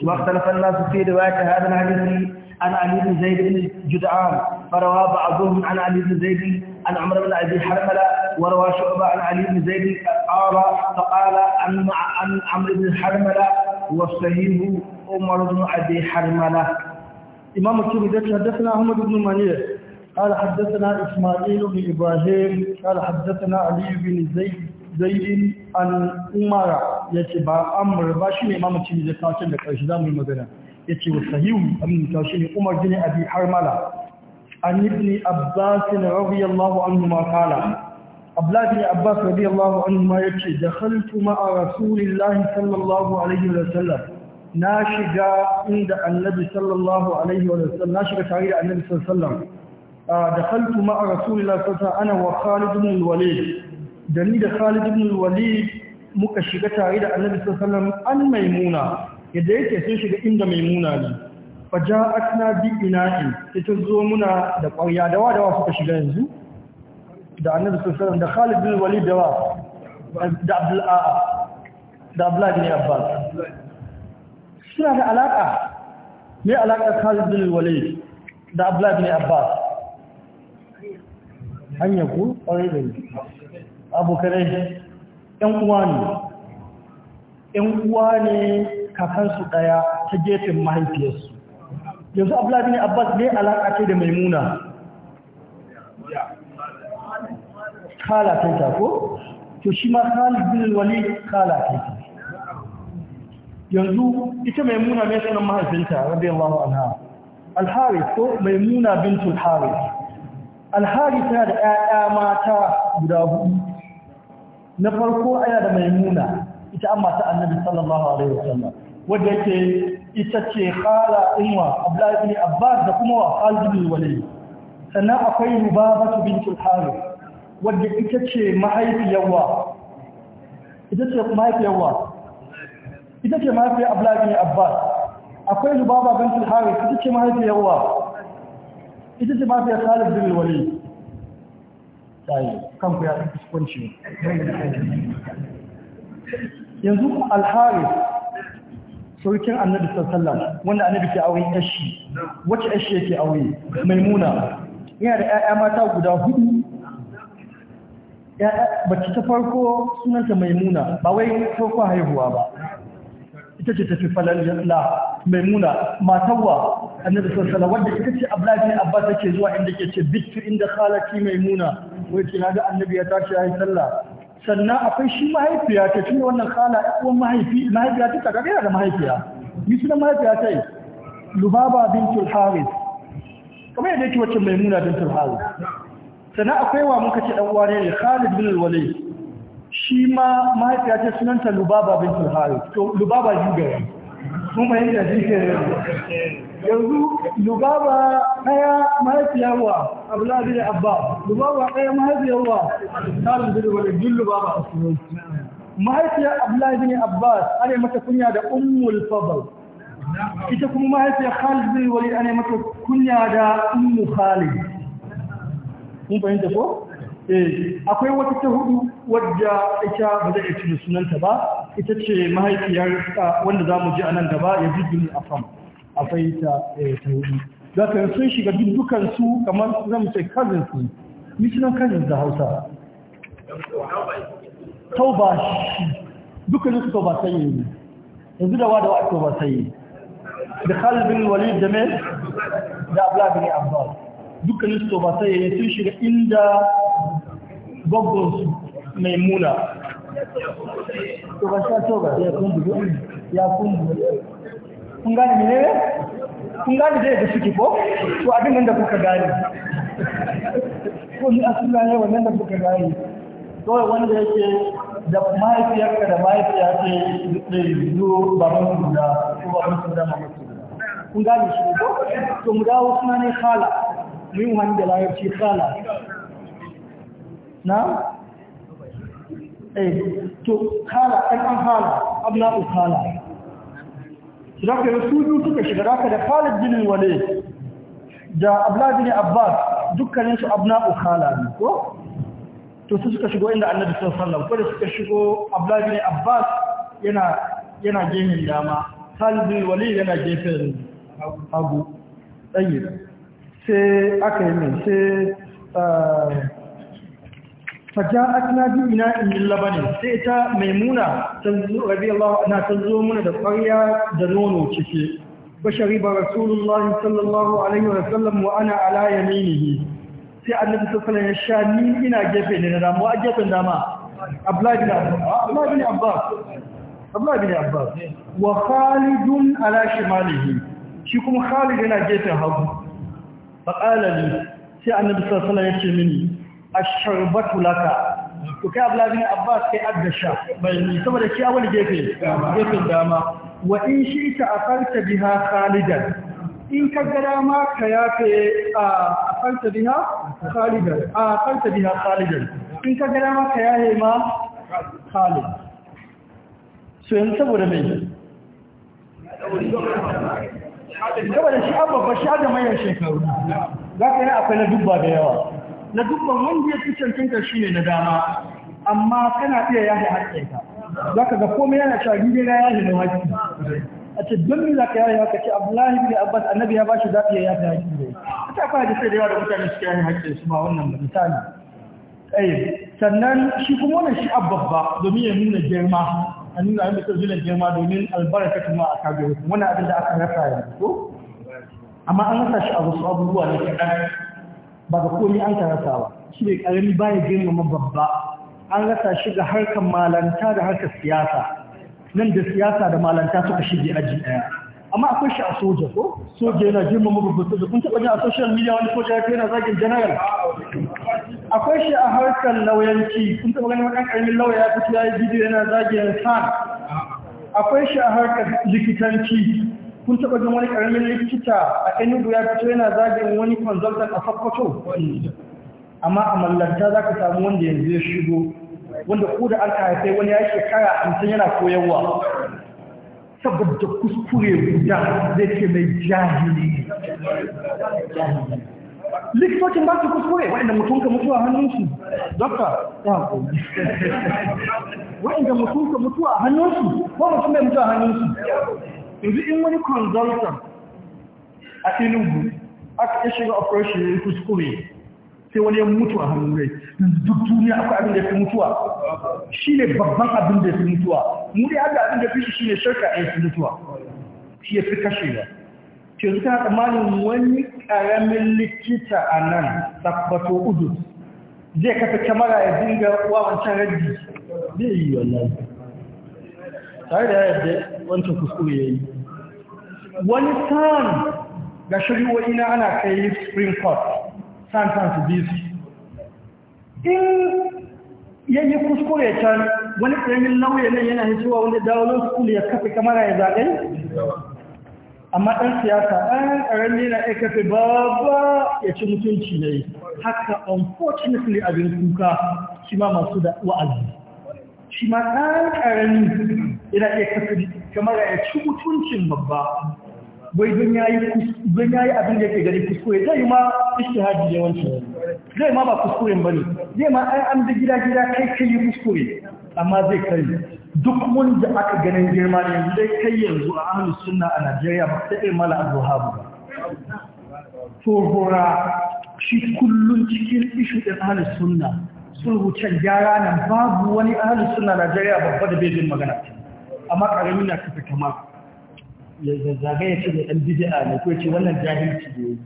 S1: واختلف الناس في رواية هذا الحديث عن علي بن زيد بن جدعان فروى بعضهم عن علي بن زيد عن عمر بن أبي حرملة وروى شعبة عن علي بن زيد قال فقال عن عن عمرو بن حرملة والصحيح عمر بن أبي حرملة إمام الترمذي حدثنا أحمد بن منير قال حدثنا إسماعيل بن إبراهيم قال حدثنا علي بن زيد zaidin an umara ya ce ba amur ba shi ne mamaci da kawacin da ƙarshe za mu yi magana ya ce wa sahihu amin ta shi ne umar jini abi harmala an ibni abbasin radiyallahu anhu ma kala abdullahi abbas radiyallahu anhu ma da dakhaltu ma'a rasulillahi sallallahu alaihi wa sallam na shiga inda annabi sallallahu alaihi wa sallam na shiga tare da annabi sallallahu alaihi wa sallam da ah, dakhaltu ma'a rasulillahi sallallahu alaihi wa sallam ana wa khalid bin walid da ni da Khalid ibn Walid muka shiga tare da Annabi sallallahu alaihi wasallam an maimuna yadda yake sun shiga inda maimuna ne fa ja'atna bi ina'i sai ta zo muna da ƙwarya da wa da wa suka shiga yanzu da Annabi sallallahu alaihi da Khalid ibn Walid da wa da Abdul A'a da Abdullah ibn Abbas suna da alaka me alaka Khalid ibn Walid da Abdullah ibn Abbas hanya ku ƙwarai da abokanai ‘yan uwa ne ‘yan uwa ne kakansu ɗaya ta gefen mahaifiyarsu yanzu abdullahi ne abbas ne alaƙa ce da maimuna kala ta ta ko to shi ma khalid bin wali kala ta ta yanzu ita maimuna mai sunan mahaifinta rabbi allahu anha Alhari ko maimuna bintul haris Alhari tana da ƴaƴa mata guda hudu na farko aya da maimuna ita an mata annabi sallallahu alaihi wasallam wadda yake ita ce khala inwa abdullahi ibn abbas da kuma wa khalid ibn walid sannan akwai rubabatu bint al-harith wadda ita ce mahaifiyar wa? ita ce mahaifiyar wa? ita ce mahaifiyar abdullahi ibn abbas akwai rubaba bint al-harith ita ce mahaifiyar wa? ita ce mahaifiyar khalid ibn walid
S2: ɗaye ku ya fi
S1: kuskunci yanzu alharis surukin annabi sallallahu wanda annabi ke aure yashi wacce yashi yake aure maimuna yana da 'ya'ya mata guda hudu bacci ta farko sunanta maimuna ba wai farko haihuwa ba ita ce tafi falalla maimuna matarwa annabi sallallahu wanda ita ce abdullahi abbas ke zuwa inda ke ce bitu inda khalati maimuna wai ce da annabi ya tashi ya yi sallah sannan akwai shi mahaifiya ta shi wannan kala uwan mahaifi mahaifiya ta kaga yana da mahaifiya ni sunan mahaifiya ta yi lubaba bintul haris kamar yadda yake wacce nuna bintul haris sannan akwai wa muka ce dan uwa ne khalid bin walid shi ma mahaifiya ta sunanta lubaba bintul haris to lubaba juga mun bayyana shi yanzu lubaba ɗaya mahaifiyarwa abdullahi da abba lubaba ɗaya mahaifiyarwa ta tarin da wani jin lubaba a sunan mahaifiyar abdullahi bin abbas ne mata kunya da ummul fadl ita kuma mahaifiyar khalid bin walid ne mata kunya da ummu khalid kun fahimta ko eh akwai wata ta hudu wadda ita ba zai ci sunanta ba ita ce mahaifiyar ah, wanda za mu ji a nan gaba ya yazid bin afam akwai eh, ta tauri za ka sun shiga dukkan su kamar zan ce kazin su ni sunan kazin da hausa tauba shi dukansu su tauba sanyi ne yanzu da da wa tauba sanyi
S2: da khalbin wali da mai
S1: da abla ne abbas dukansu su tauba sanyi ne sun shiga inda gaggon mai muna tauba sai tauba ya kundu ya kundu kun gane ne? kun gane da suke ko to abin nan da kuka gane ko ni asula ne wannan da kuka gane to wanda yake da mahaifiyarka da mahaifiya ce da yiwu ba mun guda ko ba mun guda ma mutu kun gane shi ko to mu dawo suna ne khala mu yi wani da larabci khala na eh to khala ɗan an khala abna hala. shi zaka yi su biyu suka shiga zaka da Khalid bin Wale. da Abdullah bin Abbas dukkanin su abna'u ne, ko to su suka shigo inda Annabi sallallahu alaihi wasallam ko da suka shigo Abdullah bin Abbas yana yana gehin dama Khalid bin Wale yana gefen hagu tsayi sai aka yi mai sai eh, faja'at na bi ina in labanin sai ta maimuna na anha zo muna da ƙarya da nono ciki bashari ba rasulullah sallallahu alaihi wa sallam wa ana ala yaminihi sai annabi sallallahu alaihi ya sha ni ina gefe ne na damu a gefen dama
S2: abdullahi bin abdullahi bin abbas
S1: abdullahi bin abbas wa khalidun ala shimalihi shi kuma khalid yana gefen hagu fa qala li sai annabi sallallahu alaihi ya ce mini asharbatu laka to kai abla abbas kai addasha bai saboda shi wani gefe gefen dama wa in shi ta akarta biha khalidan in ka ga dama ka yafe a akarta biha khalidan a akarta biha khalidan in ka ga dama ka yafe ma khalid so yanzu saboda mai
S2: saboda shi abba ba shi da
S1: shekaru za ka yi akwai na dubba da yawa na dukkan wanda ya fi cancanta shi ne na dama amma kana iya yahe haƙƙinka za ka ga komai yana cewa ni na yahe na haƙƙi a ce don za ka yahe haka ce abdullahi bin abbas annabi ya bashi za ka iya yahe haƙƙi ne ta fara da sai da yawa da mutane suke yahe haƙƙin su ba wannan ba misali eh, sannan shi kuma wannan shi abbabba domin ya nuna girma a nuna a yin mutum zuwa girma domin albarkatu ma a kabe wani abin da aka rasa yanzu ko amma an rasa shi a wasu abubuwa ne kaɗan ba ga komi an karanta ba shi ne karami baya girmama babba an rasa shi ga harkar malanta da harkar siyasa nan da siyasa da malanta suka shige aji daya amma akwai shi a soja ko soja yana girmama babba soja kun taɓa jin a social media wani soja ya yana zagin general akwai shi a harkar lauyanci kun taɓa ganin wani karamin lauya ya fito ya yi bidiyo yana zagin sa akwai shi a harkar likitanci kun taɓa jin wani ƙaramin likita a enugu ya fito yana zagin wani consultant a sokoto amma a mallanta za ka samu wanda yanzu ya shigo wanda ko da an haifai wani ya shekara hamsin yana koyarwa saboda kuskure guda zai ce mai jahili likitocin ba su kuskure waɗanda mutum ka mutuwa hannunsu dokta ya hankali waɗanda mutum ka mutuwa hannunsu ko mutum mai mutuwa hannunsu yanzu in wani consultant a inugu aka ya shiga operation ya yi kuskure sai wani ya mutu a hannun rai duk duniya aka abin da ya fi mutuwa shi ne babban abin da ya fi mutuwa mu dai abin da fi shi ne shirka a fi mutuwa shi ya fi kashe ba ke zuka tsammanin wani ƙaramin likita a nan tabbato udu zai kafa kyamara ya dinga wawancan rajin zai yi wallahi tare da yadda wancan kuskure ya yi wani san ga shari'o'i na ana kai supreme court san san su bisu in yayi kuskure can wani ƙaramin lauya nan yana hitowa wani dawolin school ya kafa kamara ya zaɓe amma ɗan siyasa ɗan ƙarami na ya kafa babba ya ci mutunci ne haka unfortunately abin kuka shi ma masu da wa'azi shi ma ɗan ƙarami yana iya kasance kamar ya ci mutuncin babba bai don ya yi abin da yake gani kuskure zai ma ishtihadi yawanci zai ma ba kuskure ba ne zai ma an amda gida-gida kai kai yi kuskure amma zai kai duk wanda aka ganin girma ne zai kai yanzu a amin Suna a Najeriya ba ta irin mala abduhabu
S2: ba tohora
S1: shi kullum cikin ishu ɗin ahlus sunna sulhu can gyara nan babu wani ahalin suna Najeriya babba da bejin magana amma ƙarami na kafa kama ya zagaya ce da ɗan bidi'a ne ko ce wannan jahilci da yake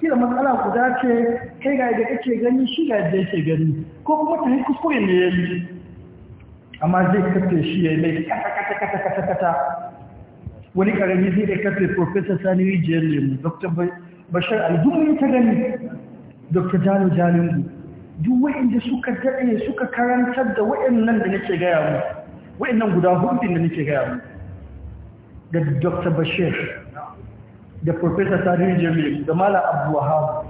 S1: kira matsala guda ce kai ga yadda kake gani shi ga yadda yake gani ko kuma ta kuskure ne ya yi amma zai kafe shi ya yi mai kata kata kata kata kata wani ƙarami zai da kafe professor sani rijiyar lemu dr bashar al ta gani dr jalo jalingu duk waɗanda suka daɗe suka karantar da waɗannan da nake gaya mu waɗannan guda hudun da nake gaya mu da Dr. Bashir da Professor Sadiq Jamil da Malam Abdul Wahab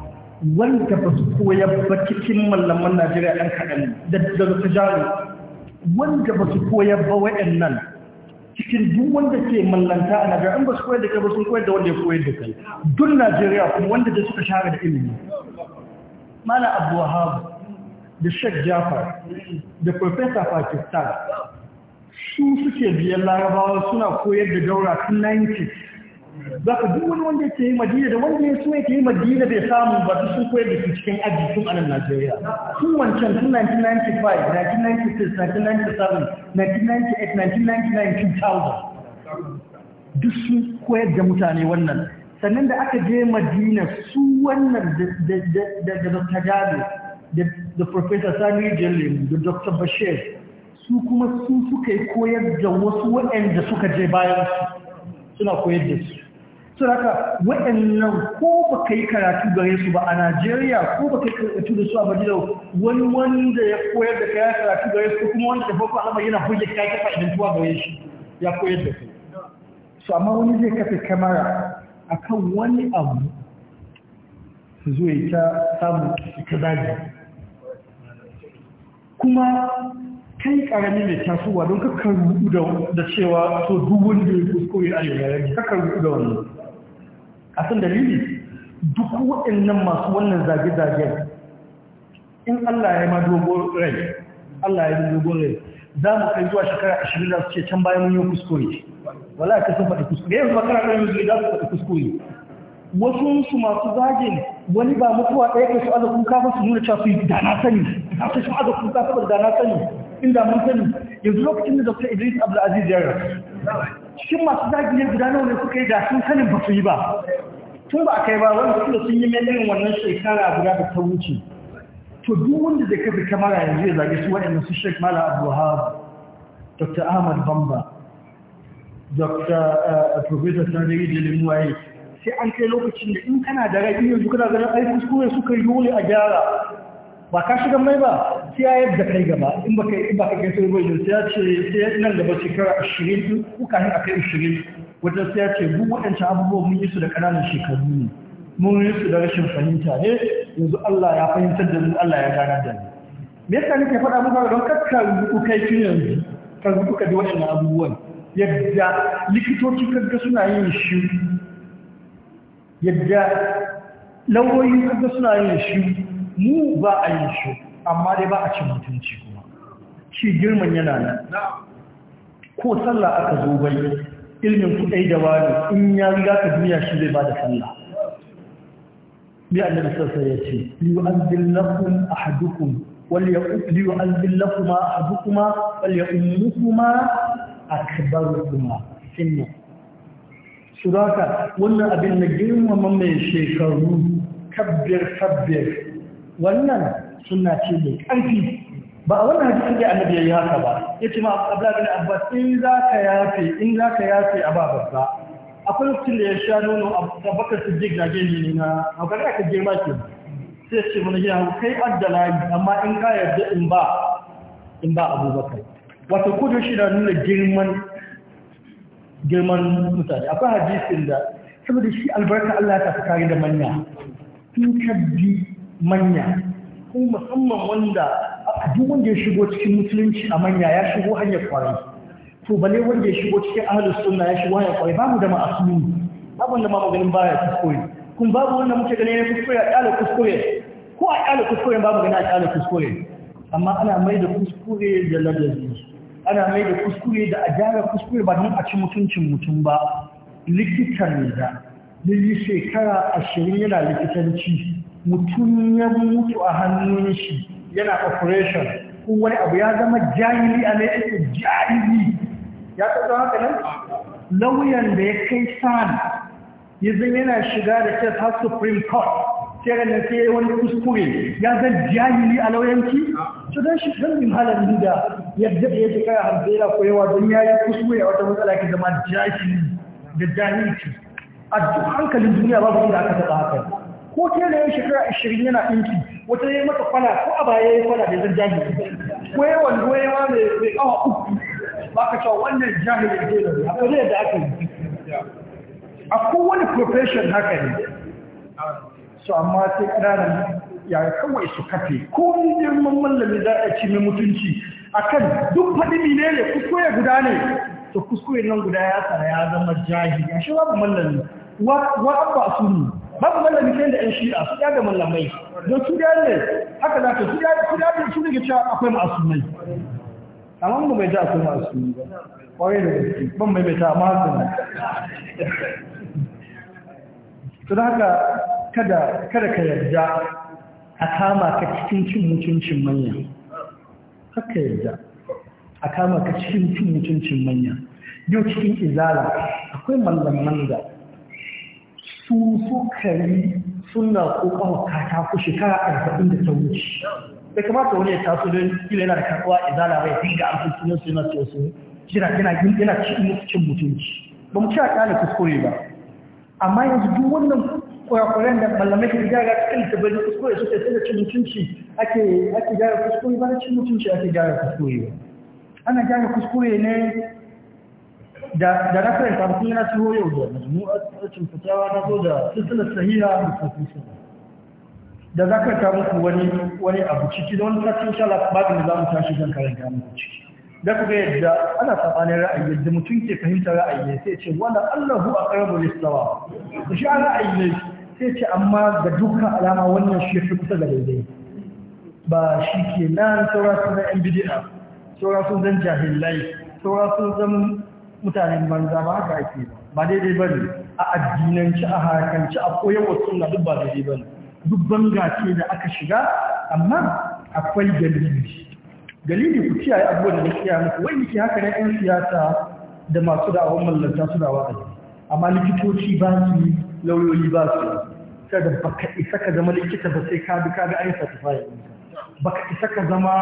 S1: wanda ba su koyar ba cikin mallaman Najeriya ɗan kaɗan da Dr. Jami wanda ba su koyar ba waɗannan cikin duk wanda ke mallanta a Najeriya in ba su koyar da kai ba sun koyar da wanda ya koyar da kai duk Najeriya kuma wanda da suka share da ilimi Malam abu Wahab da Sheikh Jafar da professor Pakistan su suke biyan larabawa suna koyar da daura tun 90 za ka duk wani wanda ke yi madina da wanda ya so ke yi madina bai samu ba su sun koyar da su cikin aji tun anan Najeriya sun wancan tun 1995 1996 1998 1999 2000 duk sun koyar da mutane wannan sannan da aka je madina su wannan da da da da Profesa Sami Jellim da Dr. Bashir su kuma su suka yi koyar da wasu waɗanda suka je bayan su suna koyar da su. Suna ka waɗannan ko ba ka yi karatu gare su ba a Najeriya ko ba ka yi karatu da su a Madina wani wanda ya koyar da kayan karatu gare su kuma wanda da farko alama yana hujja kayan kafa idan tuwa gare shi ya koyar da kai. Su amma wani zai kafa kamara akan wani abu su zo ya ta samun ita zagi. kuma kai karami mai tasowa don kakar rudu da cewa to dubun da ya kuskure a yau yare kakar rudu da wannan a san dalili duk waɗannan masu wannan zage-zagen in Allah ya ma dogon rai Allah ya yi dogon rai za mu kai zuwa shekara ashirin da su ce can bayan mun yi kuskure wala ka sun faɗi kuskure yanzu makara ɗan yanzu za su faɗi kuskure wasu su masu zagen wani ba mutuwa ɗaya kai su aza kuka ba su nuna cewa su da na sani su kuka da na sani inda mun sani yanzu lokacin da dr idris abdulaziz ya cikin masu zagi ne guda nawa ne suka yi da sun sanin ba su yi ba tun ba a kai ba wani suka sun yi mai wannan shekara guda da ta wuce to duk wanda zai kafa kamara yanzu ya zage su waɗanda su shek mala abu wahab dr ahmad bamba dr eh, professor sanari da sai an kai lokacin da in kana da rai yanzu kana ganin ai kuskure suka yi dole a gyara ba ka shiga mai ba sai ya yadda kai gaba in ba ka ba kai gaisa ba sai ya ce sai nan gaba shekara 20 ko kafin a kai 20 wata sai ya ce bu waɗancan abubuwan mun yi su da ƙananan shekaru ne mun yi su da rashin fahimta ne yanzu Allah ya fahimtar da mu Allah ya gana da ni me yasa nake faɗa muku don kakka ku kai kin yanzu ka rubutu ka da waɗannan abubuwan yadda likitoci kaga suna yin shi yadda lauyoyi kaga suna yin shi mu ba a yin shi amma dai ba a cin mutunci kuma shi girman yana nan ko sallah aka zo bai ilmin kudai da wani in ya riga ka duniya shi zai ba da sallah bi annabi an alaihi a yace yu'azzil a ahadukum wal yu'azzil lakum ahadukuma wal a akbarukum sinna su wannan abin na girmama mai shekaru kabbir kabbir wannan suna ce mai ƙarfi ba a wannan hadisi da annabi ya yi haka ba ya ce ma abdullahi bin abbas in za ka yafe in za ka yafe a ba babba akwai lokacin da ya sha nono abubakar siddiq na gani ne na akwai aka girma ke sai ce mana gina kai addala yi amma in ka yarda in ba in ba abubakar wato kudu shi na nuna girman girman mutane akwai hadisin da saboda shi albarka Allah ta kare da manya tun kaddi bi manya ko musamman wanda a duk wanda ya shigo cikin musulunci a manya ya shigo hanyar kwarai to bale wanda ya shigo cikin ahlus sunna ya shigo hanyar kwarai babu da ma'asumi babu wanda ma maganin baya kuskure kun babu wanda muke ganin ya kuskure a kyale kuskure ko a kyale kuskure babu ganin a kyale kuskure amma ana mai da kuskure da ladabi ana mai da kuskure da a gyara kuskure ba don a ci mutuncin mutum ba likitan da lili shekara ashirin yana likitanci mutum ya mutu a hannun shi yana operation ko wani abu ya zama jahili a mai ake jahili ya taɓa nan lauyan da ya kai san Yanzu yana shiga da kes ta supreme court sai ranar sai ya wani kuskure ya zan jahili a lauyanci Su dan shi dan min halar da yadda ya shekara hamsera ko yawa don ya yi kuskure a wata matsala ke zama jahili da jahilci a duk hankalin duniya babu inda aka taɓa haka ko ke da ya shekara ashirin yana ɗinki wata ya yi mata kwana ko a baya ya yi kwana da zan jahili ko yawan ruwa yawa mai awa uku ba ka cewa wannan jahili ke da akwai da aka yi a kowane profession haka ne su amma sai ƙananan ya kawai su kafe ko mun girman mallami za a ci mai mutunci akan duk faɗi ne ne kuskure guda ne to kuskure nan guda ya tsara ya zama jahili a shi babu mallami wa abba su ne babu mallami sai da 'yan shi'a su ga mallamai don su da ne haka za ta su da su da su ga cewa akwai masumai amma mu bai ta akwai
S2: asuni ba
S1: kwarai da gaske ban mai bai ta amma su
S2: ne
S1: <laughs> to haka kada ka yarda a kama ka cikin cin mutuncin manya haka yarda a kama ka cikin cin mutuncin manya yau cikin izala akwai mallaman da su suka yi suna ko kawo katako shekara arba'in da ta wuce da kamata wani ya taso don ila yana da kasuwa izala bai fi ga amfani sunan su yana ce su jira yana cin cikin mutunci ba mu ci a kuskure ba amma yanzu duk wannan kwarakwaran da malamai ke gyara cikin littattafai na kuskure su sai da cin mutunci ake gyara kuskure ba na cin mutunci ake gyara kuskure ba ana gyara kuskure ne da da reference abu kuma na ciwo yau da cikin fatawa na zo da silsilar sahiha da kuskure da za ka ta muku wani wani abu ciki da wani sassan shala ba da za mu tashi zan karanta muku ciki da ku ga yadda ana sabanin ra'ayi yadda mutum ke fahimtar ra'ayi sai ce wala allahu aqrabu lis-sawa shi ra'ayi ne sai ce amma ga dukkan alama wannan shi fi kusa da daidai ba shi ke nan saura sun zan yan bidiya saura sun zan jahilai saura sun zan mutanen banza ba haka ake ba daidai ba ne a addinanci a harkanci a koyarwa suna duk ba daidai ba ne duk banga ce da aka shiga amma akwai dalili dalili ku kiyaye abubuwan da kiyaye muku wani ke haka na yan siyasa da masu da'awar mallanta su da wa'azi amma likitoci ba su lauyoyi ba su kada baka isa ka zama likita ba sai ka bi ka ga an certify ɗinka baka isa ka zama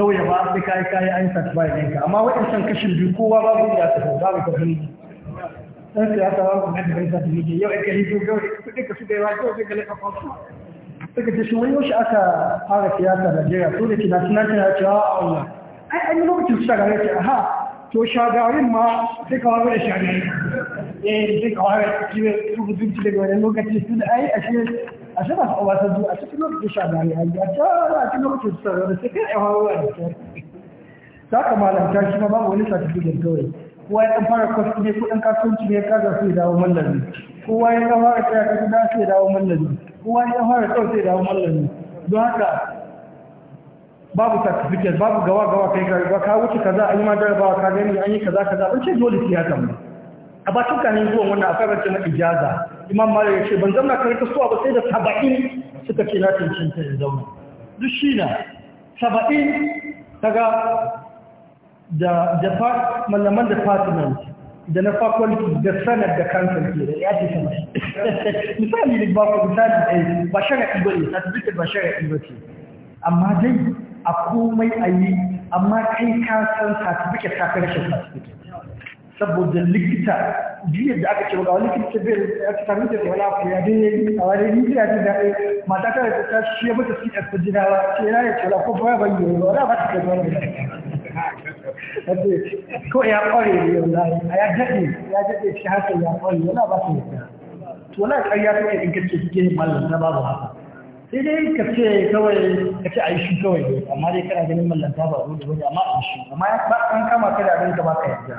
S1: lauya ba sai ka yi ka yi an certify ɗinka amma waɗancan kashin biyu kowa ba zai ya tafi ba mu tafi ɗan siyasa ba mu kada gaisa da nake yau aka yi to yau kuɗin ka su da yawa yau sai ka lafa kwasu suka ce shi wani shi aka fara siyasa Najeriya so da ke na sunan tana cewa a Allah ai an yi lokacin shagari ce aha to shagarin ma sai ka wazo da shagari eh duk kawai cikin rubutun daga wani lokaci sun ai a cikin a shi masu obata zuwa a cikin lokacin shagari a yi a cikin lokacin sarari sai kan yawan ruwa da ke za ka malamta shi ma babu wani certificate kawai kowa ya fara kwasu ne kudin kasuwanci ne ka su yi dawo mallami kowa ya fara tsaya ka da yi dawo mallami kowa ya fara tsaya sai dawo mallami don haka babu certificate babu gawa gawa kai ka ka wuce kaza an yi ma jarabawa ka gani an yi kaza kaza ban ce dole sai ya a batun kanin zuwan wannan akwai rance na ijaza imam malik ya ce ban zauna karka suwa ba sai da saba'in suka ce na cancanta da zauna duk shi na saba'in ga da da malaman department da na faculty da sanar da kansa ke da ya ce saba'in <laughs> misali ne ba ku misali ɗaya eh, ba shara'i ba ne certificate ba shara'i ba ce amma dai a komai a yi amma kai ka san certificate ta karshen certificate saboda likita jiya da aka ce ba wani likita bai ya ta tafi da wala ko ya dai a wani likita ta da mata ta ta shi ya mata CS ta jira ba ce ya ce la ko ba ban yi ba ba ta ga wani ko ya kore ne wallahi a ya dade ya dade shi haka ya kore wala ba ta yi to wala kai ya ta in kace kike mallan ta babu haka sai dai ka ce kawai ka ce a shi kawai amma dai kana ganin mallan ta ba wani wani amma a shi amma ba an kama ka da abin ka ba ka yarda